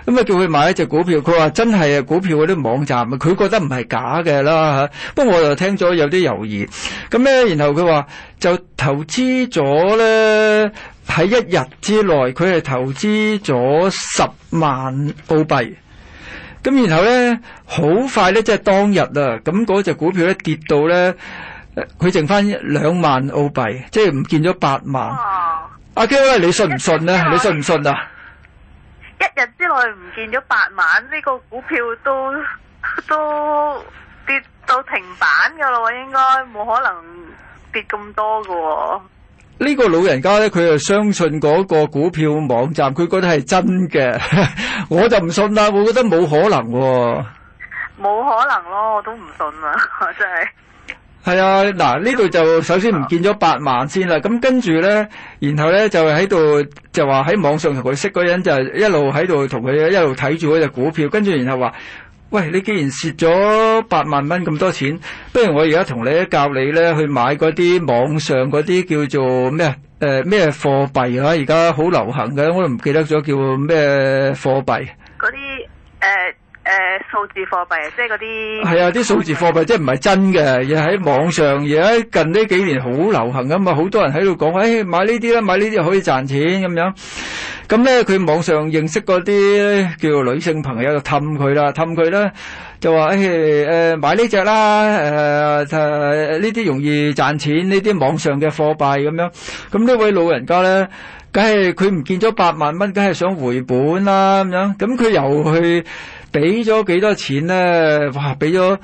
咁啊叫佢買一隻股票，佢話真係啊，股票嗰啲網站，佢覺得唔係假嘅啦，吓、啊。不過我又聽咗有啲猶豫。咁咧，然後佢話就投資咗咧，喺一日之內，佢係投資咗十萬澳幣。咁然後咧，好快咧，即係當日啊，咁嗰隻股票咧跌到咧，佢剩返兩萬澳幣，即係唔見咗八萬。啊、阿嬌咧，你信唔信咧？你信唔信啊？一日之內唔見咗八萬，呢個股票都都跌到停板噶咯，應該冇可能跌咁多噶喎。呢個老人家呢，佢係相信嗰個股票網站，佢覺得係真嘅， [laughs] 我就唔信啦，我覺得冇可能喎。冇可能咯，我都唔信啦， [laughs] 真係。係啊，嗱呢度就首先唔見咗八萬先啦，咁、啊、跟住咧，然後咧就喺度就話喺網上同佢識嗰人，就一路喺度同佢一路睇住嗰隻股票，跟住然後話：「喂，你既然蝕咗八萬蚊咁多錢，不如我而家同你教你咧去買嗰啲網上嗰啲叫做咩、呃、啊？咩貨幣啊？而家好流行嘅，我都唔記得咗叫咩貨幣？嗰啲誒。呃誒數字貨幣，即係嗰啲係啊！啲數字貨幣即係唔係真嘅，而喺網上而喺近呢幾年好流行啊嘛，好多人喺度講，哎買呢啲啦，買呢啲可以賺錢咁樣。咁咧佢網上認識嗰啲叫做女性朋友就氹佢啦，氹佢啦，就話誒誒買呢隻啦，誒誒呢啲容易賺錢，呢啲網上嘅貨幣咁樣。咁呢位老人家咧，梗係佢唔見咗八萬蚊，梗係想回本啦咁樣。咁佢又去。俾咗幾多錢咧？哇！俾咗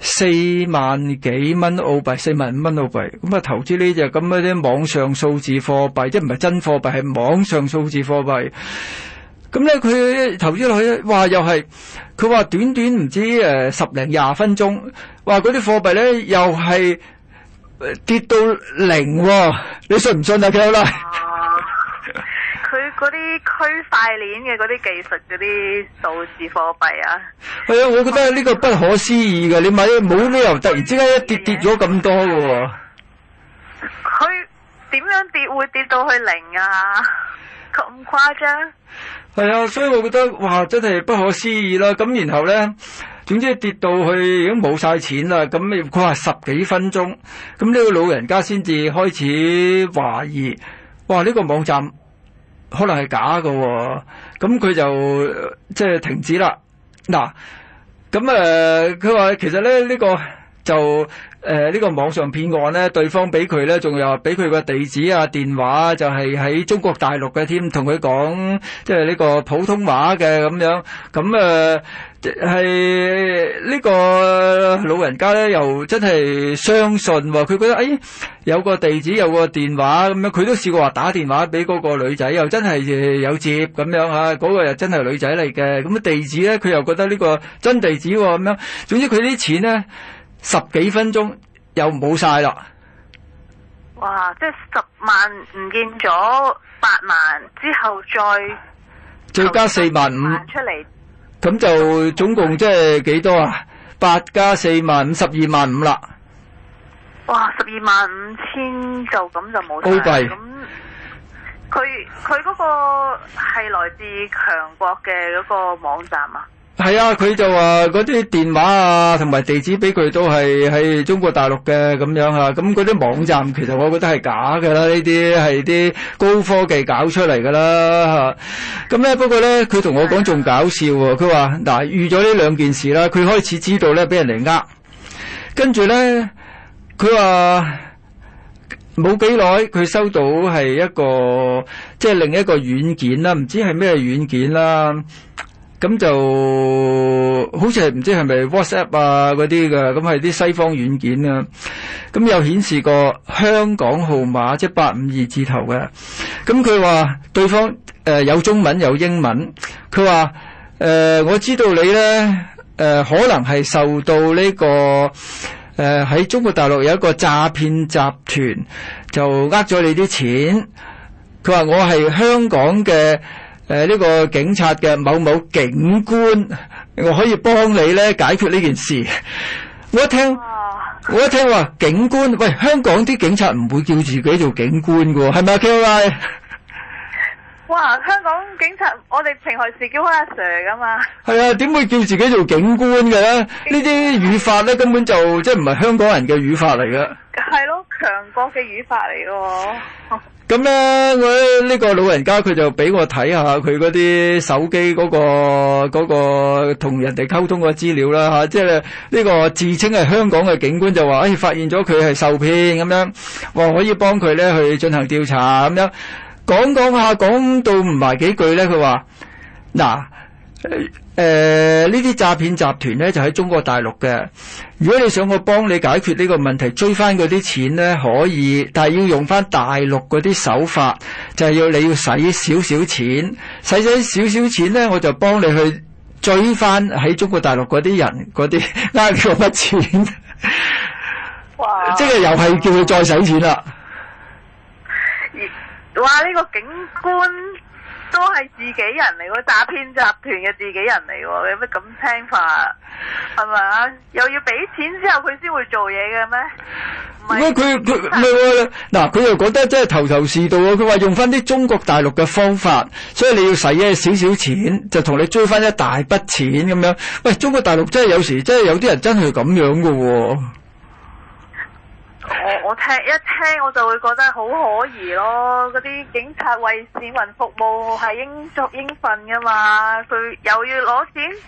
四萬幾蚊澳幣，四萬五蚊澳幣。咁啊，投資呢隻咁嗰啲網上數字貨幣，即係唔係真貨幣，係網上數字貨幣。咁咧，佢投資落去，哇！又係佢話短短唔知誒十零廿分鐘，話嗰啲貨幣咧又係跌到零喎。你信唔信啊？佢啦？佢嗰啲區塊鏈嘅嗰啲技術，嗰啲數字貨幣啊，係啊、哎，我覺得呢個不可思議嘅。嗯、你咪冇理由突然之間一跌跌咗咁多嘅、啊。佢點樣跌會跌到去零啊？咁誇張係啊，所以我覺得哇，真係不可思議啦。咁然後咧，總之跌到去已經冇晒錢啦。咁亦佢話十幾分鐘，咁呢個老人家先至開始懷疑。哇！呢、這個網站。可能係假嘅喎、哦，咁佢就即係、就是、停止啦。嗱，咁誒，佢、呃、話其實咧，呢、這個就誒呢、呃這個網上騙案咧，對方俾佢咧，仲有俾佢個地址啊、電話就係喺中國大陸嘅添，同佢講即係呢個普通話嘅咁樣，咁、嗯、誒。呃係呢、呢個老人家咧，又真係相信佢、喎、覺得，哎，有個地址，有個電話咁樣，佢都試過話打電話俾嗰個女仔，又真係有接咁樣吓，嗰、啊嗰個又真係女仔嚟嘅。咁啊地址咧，佢又覺得呢個真地址喎、哦，咁樣。總之佢啲錢咧，十幾分鐘又冇晒啦。哇！即係十萬唔見咗，八萬之後再再加四萬五出嚟。咁就總共即係幾多啊？八加四萬五，十二萬五啦！哇，十二萬五千，就咁就冇晒。咁佢佢嗰個係來自強國嘅嗰個網站啊？係啊，佢就話嗰啲電話啊，同埋地址俾佢都係喺中國大陸嘅咁樣啊。咁嗰啲網站，其實我覺得係假嘅啦，呢啲係啲高科技搞出嚟噶啦吓。咁咧、啊，不過咧，佢同我講仲搞笑喎、啊。佢話嗱預咗呢兩件事啦，佢開始知道咧俾人嚟呃，跟住咧佢話冇幾耐，佢收到係一個即係、就是、另一個軟件啦，唔知係咩軟件啦、啊。咁就好似係唔知係咪 WhatsApp 啊嗰啲㗎，咁係啲西方軟件啊，咁有顯示個香港號碼，即係八五二字頭嘅。咁佢話對方誒、呃、有中文有英文，佢話誒我知道你咧誒、呃、可能係受到呢、這個誒喺、呃、中國大陸有一個詐騙集團就呃咗你啲錢。佢話我係香港嘅。誒，呢個警察嘅某某警官，我可以幫你咧解決呢件事。我一聽，我一聽話警官，喂，香港啲警察唔會叫自己做警官噶，係咪啊？K Y，哇，香港警察，我哋平何時叫阿 Sir 噶嘛？係啊，點會叫自己做警官嘅咧？呢啲語法咧根本就即係唔係香港人嘅語法嚟噶，係咯，強國嘅語法嚟噶。咁咧，我呢個老人家佢就俾我睇下佢嗰啲手機嗰個嗰個同人哋溝通個資料啦嚇啊，即係呢個自稱係香港嘅警官就話，哎，發現咗佢係受騙咁樣，話可以幫佢咧去進行調查咁樣。講講下，講到唔埋幾句咧，佢話嗱。誒呢啲詐騙集團呢，就喺中國大陸嘅。如果你想我幫你解決呢個問題，追翻嗰啲錢呢，可以，但係要用翻大陸嗰啲手法，就係、是、要你要使少少錢，使使少少錢呢，我就幫你去追翻喺中國大陸嗰啲人嗰啲拉佢嗰筆錢。哇！即係又係叫佢再使錢啦。哇！呢、這個警官。都係自己人嚟喎，詐騙集團嘅自己人嚟喎，有乜咁聽法？係咪啊？又要俾錢之後佢先會做嘢嘅咩？唔係佢佢唔係喎，嗱佢又覺得真係頭頭是道喎，佢話用翻啲中國大陸嘅方法，所以你要使一少少錢就同你追翻一大筆錢咁樣。喂，中國大陸真係有時真係有啲人真係咁樣嘅、啊。我我聽一聽，我就會覺得好可疑咯。嗰啲警察為市民服務係應作應份噶嘛，佢又要攞錢。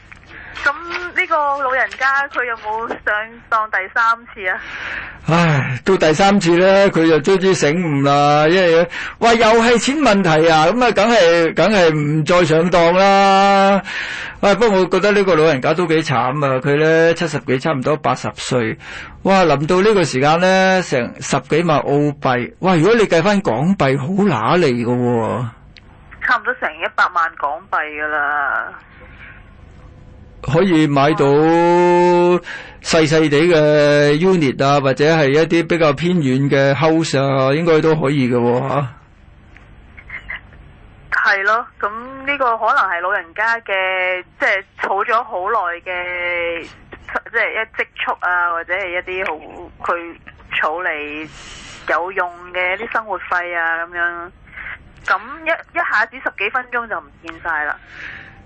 咁呢個老人家佢有冇上當第三次啊？唉，到第三次呢，佢就終於醒悟啦，因為話又係錢問題啊，咁啊，梗係梗係唔再上當啦。唉，不過我覺得呢個老人家都幾慘啊，佢呢，七十幾，差唔多八十歲，哇，臨到呢個時間呢，成十幾萬澳幣，哇，如果你計翻港幣，好乸嚟噶喎，差唔多成一百萬港幣噶啦。可以買到細細地嘅 unit 啊，或者係一啲比較偏遠嘅 house 啊，應該都可以嘅喎嚇。係咯，咁呢個可能係老人家嘅，即係儲咗好耐嘅，即係一積蓄啊，或者係一啲好佢儲嚟有用嘅一啲生活費啊咁樣。咁一一下子十幾分鐘就唔見晒啦。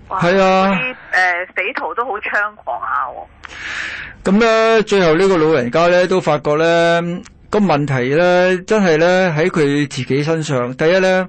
係啊，啲誒死徒都好猖狂啊！咁咧，最後呢個老人家咧都發覺咧、個問題咧真係咧喺佢自己身上。第一咧，誒、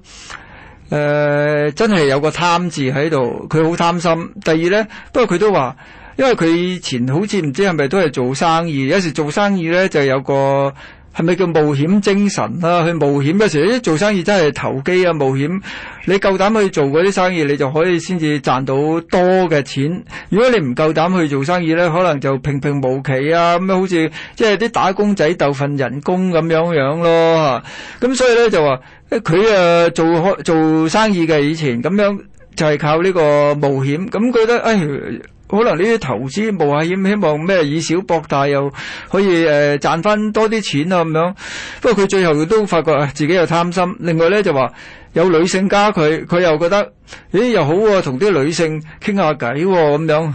呃、真係有個貪字喺度，佢好貪心。第二咧，不過佢都話，因為佢以前好似唔知係咪都係做生意，有時做生意咧就有個。係咪叫冒險精神啦、啊？去冒險嗰時候，啲、哎、做生意真係投機啊！冒險，你夠膽去做嗰啲生意，你就可以先至賺到多嘅錢。如果你唔夠膽去做生意咧，可能就平平無奇啊！咁樣好似即係啲打工仔鬥份人工咁樣樣咯。咁所以咧就話，佢、哎、誒做開做生意嘅以前咁樣就係靠呢個冒險。咁覺得誒。哎可能呢啲投資冒下險，希望咩以小博大，又可以誒、呃、賺翻多啲錢啊咁樣。不過佢最後都發覺啊，自己又貪心。另外咧就話有女性加佢，佢又覺得，咦又好喎、啊，同啲女性傾下偈喎咁樣。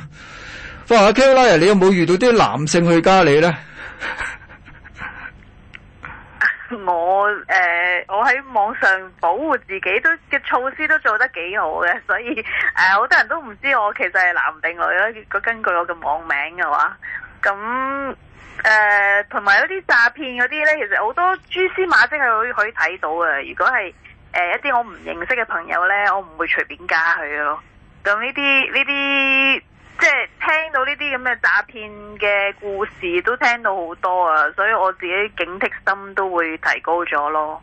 不過阿 k e 你有冇遇到啲男性去加你咧？ [laughs] 我誒、呃，我喺網上保護自己都嘅措施都做得幾好嘅，所以誒好、呃、多人都唔知我其實係男定女咯。如果根據我嘅網名嘅話，咁誒同埋嗰啲詐騙嗰啲咧，其實好多蛛絲馬跡係可以可以睇到嘅。如果係誒、呃、一啲我唔認識嘅朋友咧，我唔會隨便加佢咯。咁呢啲呢啲。即係聽到呢啲咁嘅詐騙嘅故事都聽到好多啊，所以我自己警惕心都會提高咗咯。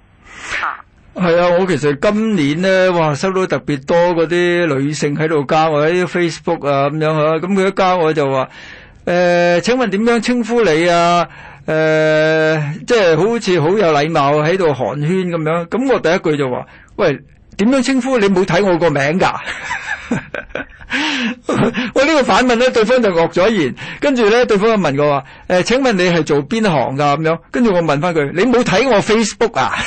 啊，係啊，我其實今年呢，哇，收到特別多嗰啲女性喺度加我啲 Facebook 啊，咁樣啊。咁佢一加我就話，誒，請問點樣稱呼你啊？誒，即係好似好有禮貌喺度寒暄咁樣。咁我第一句就話，喂，點樣稱呼你？冇睇我個名噶。我呢、 [laughs] 這個反問咧，對方就愕咗言，跟住咧，對方就問我話：誒、呃，請問你係做邊行噶咁樣？跟住我問返佢：你冇睇我 Facebook 啊？ [laughs]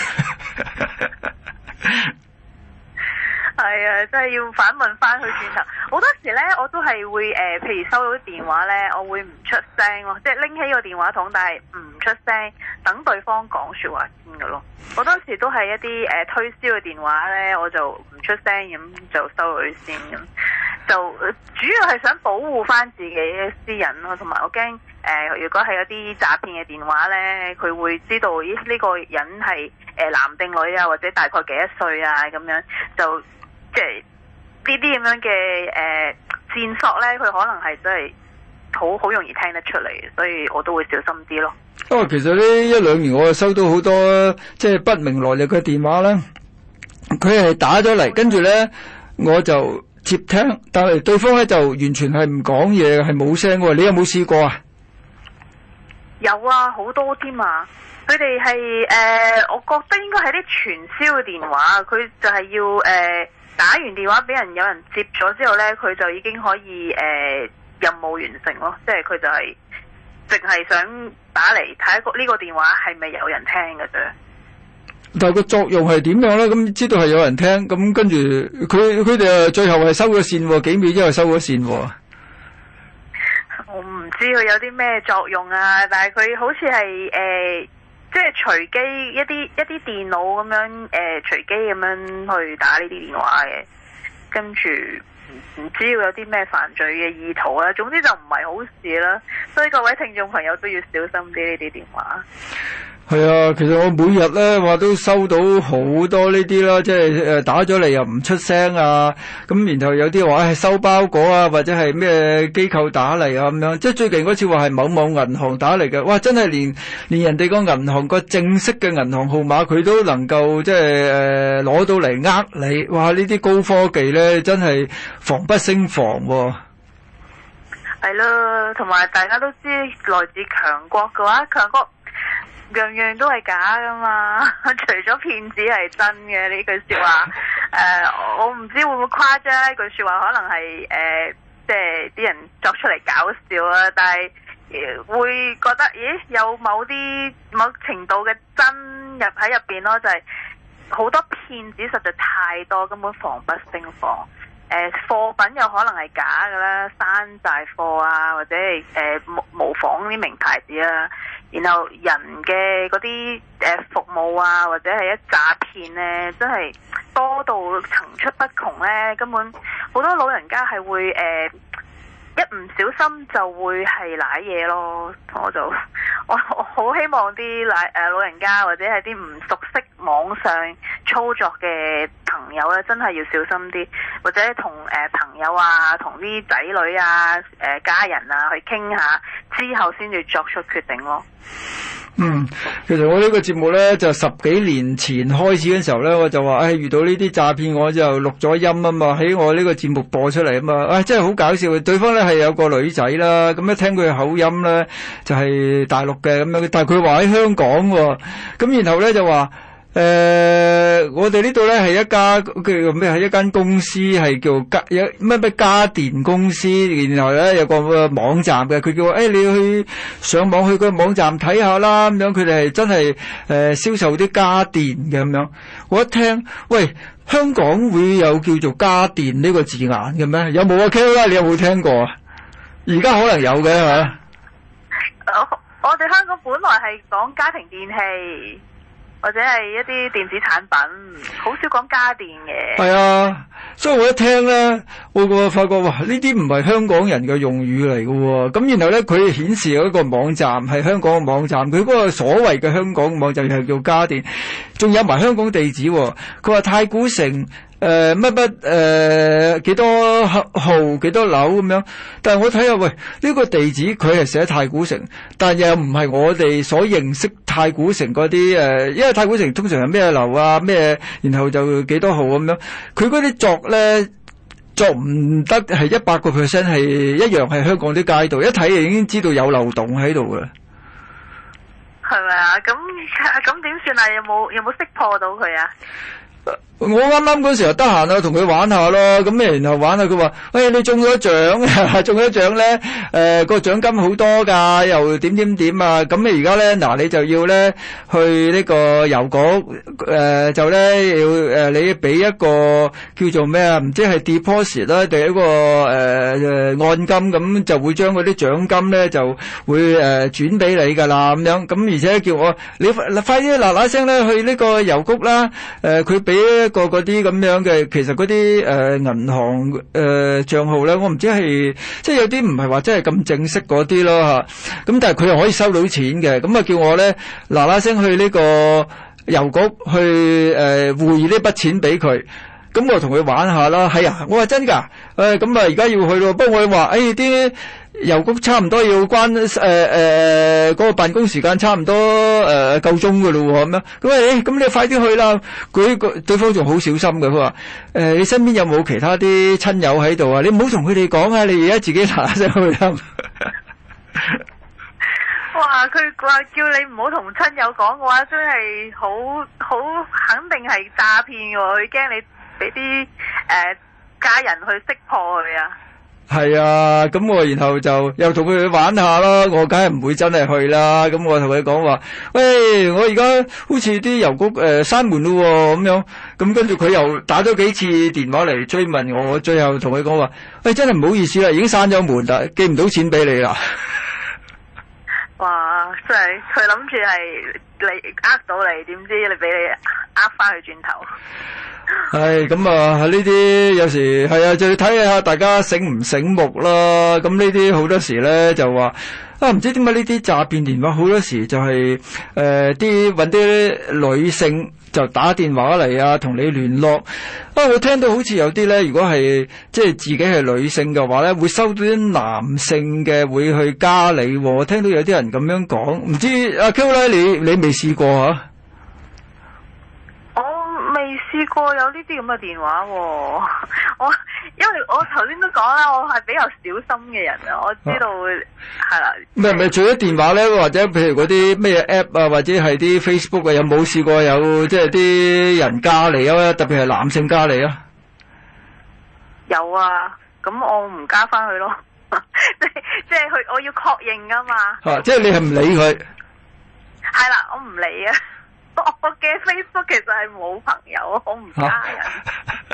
係啊，真係要反問翻佢轉頭。好多時呢，我都係會誒、呃，譬如收到電話呢，我會唔出聲咯，即係拎起個電話筒，但係唔出聲，等對方講説話先嘅咯。好多時都係一啲誒、呃、推銷嘅電話呢，我就唔出聲，咁就收佢先，咁就主要係想保護翻自己嘅私隱咯，同埋我驚誒、呃，如果係有啲詐騙嘅電話呢，佢會知道呢呢個人係誒男定女啊，或者大概幾多歲啊咁樣就。即係、呃、呢啲咁樣嘅誒，線索咧，佢可能係真係好好容易聽得出嚟，所以我都會小心啲咯。哦，其實呢一兩年我就收到好多即係、就是、不明來歷嘅電話啦，佢係打咗嚟，跟住咧我就接聽，但係對方咧就完全係唔講嘢，係冇聲嘅。你有冇試過啊？有啊，好多添啊！佢哋係誒，我覺得應該係啲傳銷嘅電話，佢就係要誒。呃打完電話俾人有人接咗之後呢，佢就已經可以誒、呃、任務完成咯，即係佢就係淨係想打嚟睇個呢個電話係咪有人聽嘅啫。但係個作用係點樣呢？咁知道係有人聽，咁跟住佢佢哋啊，最後係收咗線，幾秒之後收咗線。我唔知佢有啲咩作用啊，但係佢好似係誒。呃即係隨機一啲一啲電腦咁樣誒，隨機咁樣去打呢啲電話嘅，跟住唔知有啲咩犯罪嘅意圖啦。總之就唔係好事啦，所以各位聽眾朋友都要小心啲呢啲電話。係啊，其實我每日咧話都收到好多呢啲啦，即係誒打咗嚟，又唔出聲啊，咁然後有啲話、哎、收包裹啊，或者係咩機構打嚟啊咁樣，即係最近嗰次話係某某銀行打嚟嘅，哇！真係連連人哋個銀行個正式嘅銀行號碼佢都能夠即係誒攞到嚟呃你，哇！呢啲高科技咧真係防不勝防喎、啊。係咯，同埋大家都知來自強國嘅話，強國。樣樣都係假噶嘛，除咗騙子係真嘅呢句說話。誒、呃，我唔知會唔會誇張呢句說話，可能係誒，即係啲人作出嚟搞笑啊。但係會覺得，咦，有某啲某程度嘅真入喺入邊咯，就係、是、好多騙子實在太多，根本防不勝防。誒、呃，貨品有可能係假噶啦，山寨貨啊，或者係誒、呃、模仿啲名牌子啊。然後人嘅嗰啲誒服務啊，或者係一詐騙咧，真係多到層出不窮咧，根本好多老人家係會誒。呃一唔小心就會係瀨嘢咯，我就我好希望啲賴誒老人家或者係啲唔熟悉網上操作嘅朋友咧，真係要小心啲，或者同誒、呃、朋友啊、同啲仔女啊、誒、呃、家人啊去傾下，之後先至作出決定咯。嗯，其實我個節呢個節目咧，就十幾年前開始嘅時候咧，我就話：誒、哎、遇到呢啲詐騙，我就錄咗音啊嘛，喺我呢個節目播出嚟啊嘛，誒、哎、真係好搞笑，對方咧。有個女仔啦，咁一聽佢嘅口音咧，就係大陸嘅咁樣。但係佢話喺香港喎，咁然後咧就話誒，我哋呢度咧係一家叫做咩，係一間公司，係叫家乜乜家電公司。然後咧有個網站嘅，佢叫我誒，你去上網去個網站睇下啦。咁樣佢哋係真係誒銷售啲家電嘅咁樣。我一聽，喂。香港會有叫做家電呢個字眼嘅咩？有冇啊？KOL，你有冇聽過啊？而家可能有嘅嚇。係咪？我我哋香港本來係講家庭電器。或者係一啲電子產品，好少講家電嘅。係啊，所以我一聽咧，我發覺哇，呢啲唔係香港人嘅用語嚟㗎喎。咁然後咧，佢顯示有一個網站係香港嘅網站，佢嗰個所謂嘅香港網站係叫家電，仲有埋香港地址。佢話太古城。誒，乜乜誒，幾多號號幾多樓咁樣？但係我睇下，喂，呢個地址佢係寫喺太古城，但又唔係我哋所認識太古城嗰啲誒，因為太古城通常係咩樓啊咩，然後就幾多號咁樣。佢嗰啲作咧作唔得，係一百個 percent 係一樣係香港啲街道，一睇就已經知道有漏洞喺度嘅。係咪啊？咁咁點算啊？有冇有冇識破到佢啊？我啱啱嗰時候得閒啊，同佢玩下咯，咁咧然後玩下，佢話：喂，你中咗獎啊！中咗獎咧，誒個獎金好多㗎，又點點點啊！咁你而家咧，嗱，你就要咧去呢個郵局，誒就咧要誒你俾一個叫做咩啊？唔知係 deposit 啦定一個誒按金咁，就會將嗰啲獎金咧就會誒轉俾你㗎啦，咁樣，咁而且叫我你快啲嗱嗱聲咧去呢個郵局啦，誒佢俾。個嗰啲咁樣嘅，其實嗰啲誒銀行誒賬號咧，我唔知係即係有啲唔係話真係咁正式嗰啲咯吓，咁但係佢又可以收到錢嘅，咁啊叫我咧嗱嗱聲去呢個郵局去誒匯呢筆錢俾佢。咁我同佢玩下啦，係啊，我話真㗎，誒咁啊，而、哎、家要去咯。不過佢話，誒啲郵局差唔多要關，誒誒嗰個辦公時間差唔多，誒夠鐘㗎咯。咁樣，咁、嗯、誒，咁、啊嗯哎、你快啲去啦。佢個對方仲好小心㗎，佢話誒你身邊有冇其他啲親友喺度啊？你唔好同佢哋講啊！你而家自己嗱嗱聲去啦。呵呵哇！佢話叫你唔好同親友講嘅話，真係好好肯定係詐騙佢驚你。俾啲誒家人去識破佢啊！係啊，咁我然後就又同佢去玩下咯。我梗係唔會真係去啦。咁我同佢講話，喂，我而家好似啲郵局誒閂門嘞喎，咁樣。咁跟住佢又打咗幾次電話嚟追問我。我最後同佢講話，喂，真係唔好意思啦，已經閂咗門啦，寄唔到錢俾你啦。哇！真係佢諗住係你呃到你，點知你俾你呃翻去轉頭。係咁啊，呢啲有時係啊，就要睇下大家醒唔醒目啦。咁呢啲好多時咧就話啊，唔知點解呢啲詐騙電話好多時就係誒啲搵啲女性就打電話嚟，啊，同你聯絡。啊，我聽到好似有啲咧，如果係即係自己係女性嘅話咧，會收到啲男性嘅會去加你。我，啊，聽到有啲人咁樣講，唔知阿，啊，Q 咧，你你未試過吓，啊？試過有呢啲咁嘅電話，我因為我頭先都講啦，我係比較小心嘅人啊，我知道係啦。係咪，啊，係嘅，除咗電話咧，或者譬如嗰啲咩 app 啊，或者係啲 Facebook 啊，有冇試過有即係啲人加你啊？特別係男性加你啊？有啊，咁我唔加翻佢咯，即係即係佢，我要確認噶嘛。啊，即係你係唔理佢？係啦，我唔理啊。我嘅 Facebook 其實係冇朋友，我唔加人。啊、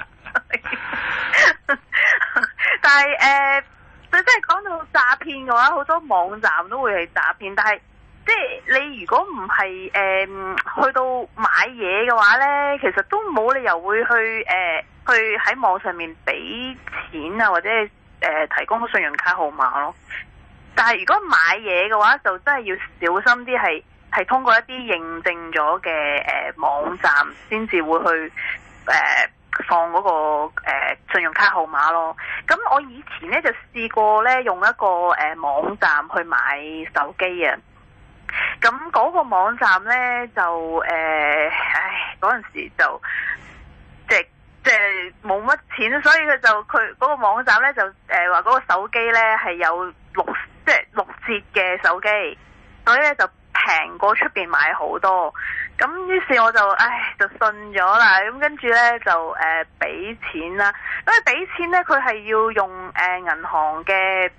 [laughs] [laughs] 但係誒，佢真係講到詐騙嘅話，好多網站都會係詐騙。但係即係你如果唔係誒去到買嘢嘅話咧，其實都冇理由會去誒、呃、去喺網上面俾錢啊，或者誒、呃、提供信用卡號碼咯。但係如果買嘢嘅話，就真係要小心啲係。係通過一啲認證咗嘅誒網站，先至會去誒、呃、放嗰個誒、呃、信用卡號碼咯。咁我以前咧就試過咧用一個誒、呃、網站去買手機啊。咁嗰個網站咧就誒、呃，唉嗰陣時就即係即係冇乜錢，所以佢就佢、嗰個網站咧就誒話嗰個手機咧係有六即係六折嘅手機，所以咧就。平過出邊買好多，咁於是我就唉就信咗啦，咁跟住呢就誒俾錢啦，因為俾錢呢佢係要用誒銀行嘅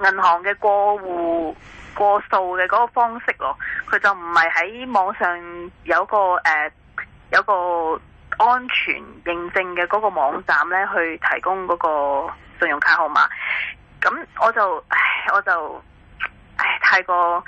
銀行嘅過戶過數嘅嗰個方式咯，佢就唔係喺網上有個誒有個安全認證嘅嗰個網站呢去提供嗰個信用卡號碼，咁我就唉我就唉太過。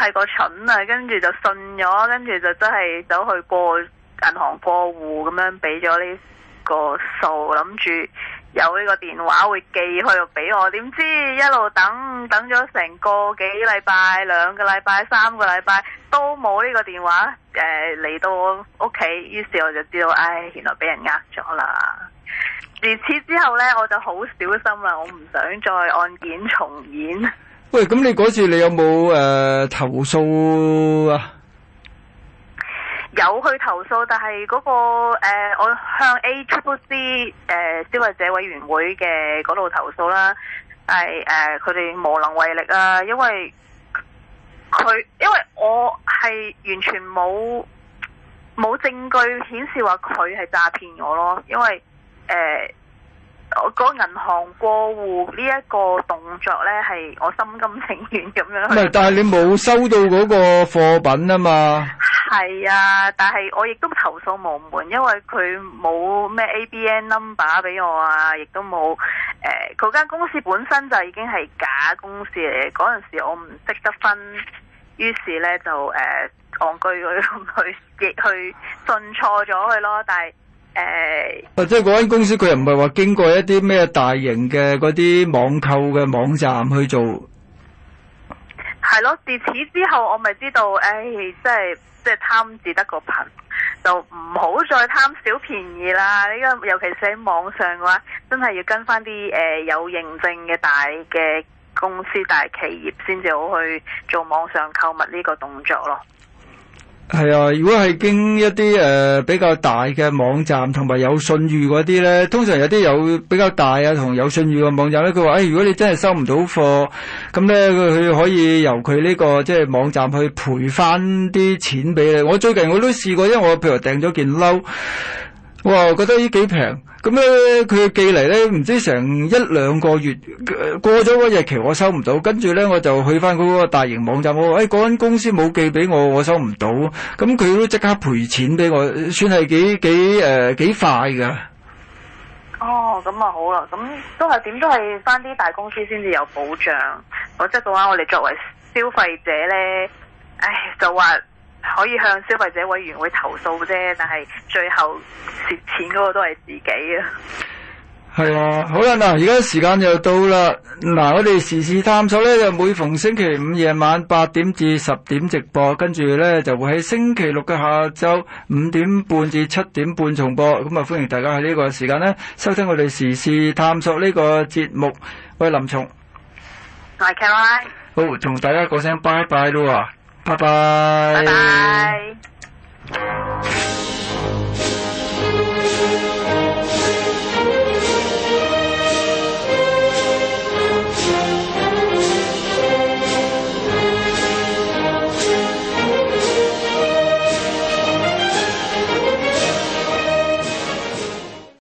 太過蠢啦、啊，跟住就信咗，跟住就真係走去過銀行過戶咁樣俾咗呢個數，諗住有呢個電話會寄去俾我，點知一路等等咗成個幾禮拜、兩個禮拜、三個禮拜都冇呢個電話，誒、呃、嚟到我屋企，於是我就知道，唉，原來俾人呃咗啦。自此之後呢，我就好小心啦，我唔想再案件重演。喂，咁你嗰次你有冇誒、呃、投訴啊？有去投訴，但係嗰、個誒、呃，我向 A Triple C 誒、呃、消費者委員會嘅嗰度投訴啦，係誒佢哋無能為力啊，因為佢因為我係完全冇冇證據顯示話佢係詐騙我咯，因為誒。呃我個銀行過戶呢一個動作呢，係我心甘情願咁樣。唔係，但係你冇收到嗰個貨品啊嘛？係啊，但係我亦都投訴無門，因為佢冇咩 ABN number 俾我啊，亦都冇誒，嗰、呃、間公司本身就已經係假公司嚟，嗰陣時我唔識得分，於是呢就誒戇居去去亦去信錯咗佢咯，但係。誒，哎、即係嗰間公司，佢又唔係話經過一啲咩大型嘅嗰啲網購嘅網站去做。係咯、哎，自此之後我咪知道，誒、哎，即係即係貪字得個貧，就唔好再貪小便宜啦。因為尤其是喺網上嘅話，真係要跟翻啲誒有認證嘅大嘅公司大企業先至好去做網上購物呢個動作咯。係啊，如果係經一啲誒、呃、比較大嘅網站同埋有，有信譽嗰啲咧，通常有啲有比較大啊同有信譽嘅網站咧，佢話誒，如果你真係收唔到貨，咁咧佢可以由佢呢、呢個即係、即係、網站去賠翻啲錢俾你。我最近我都試過，因為我譬如訂咗件褸。哇我啊覺得、嗯、呢幾平，咁咧佢寄嚟咧唔知成一兩個月、呃、過咗個日期我收唔到，跟住咧我就去翻嗰個大型網站，我誒嗰間公司冇寄俾我，我收唔到，咁、嗯、佢都即刻賠錢俾我，算係幾幾誒、呃、幾快噶哦，咁啊好啦，咁都係點都係翻啲大公司先至有保障，否則嘅話我哋作為消費者咧，唉、哎、就話。可以向消費者委員會投訴啫，但係最後蝕錢嗰個都係自己啊。係啊，好啦，嗱，而家時間又到啦，嗱，我哋時事探索呢，就每逢星期五夜晚八點至十點直播，跟住呢就會喺星期六嘅下晝五點半至七點半重播，咁啊歡迎大家喺呢個時間呢收聽我哋時事探索呢個節目。喂，林松，係 Kay 好，同大家講聲拜拜咯。拜拜。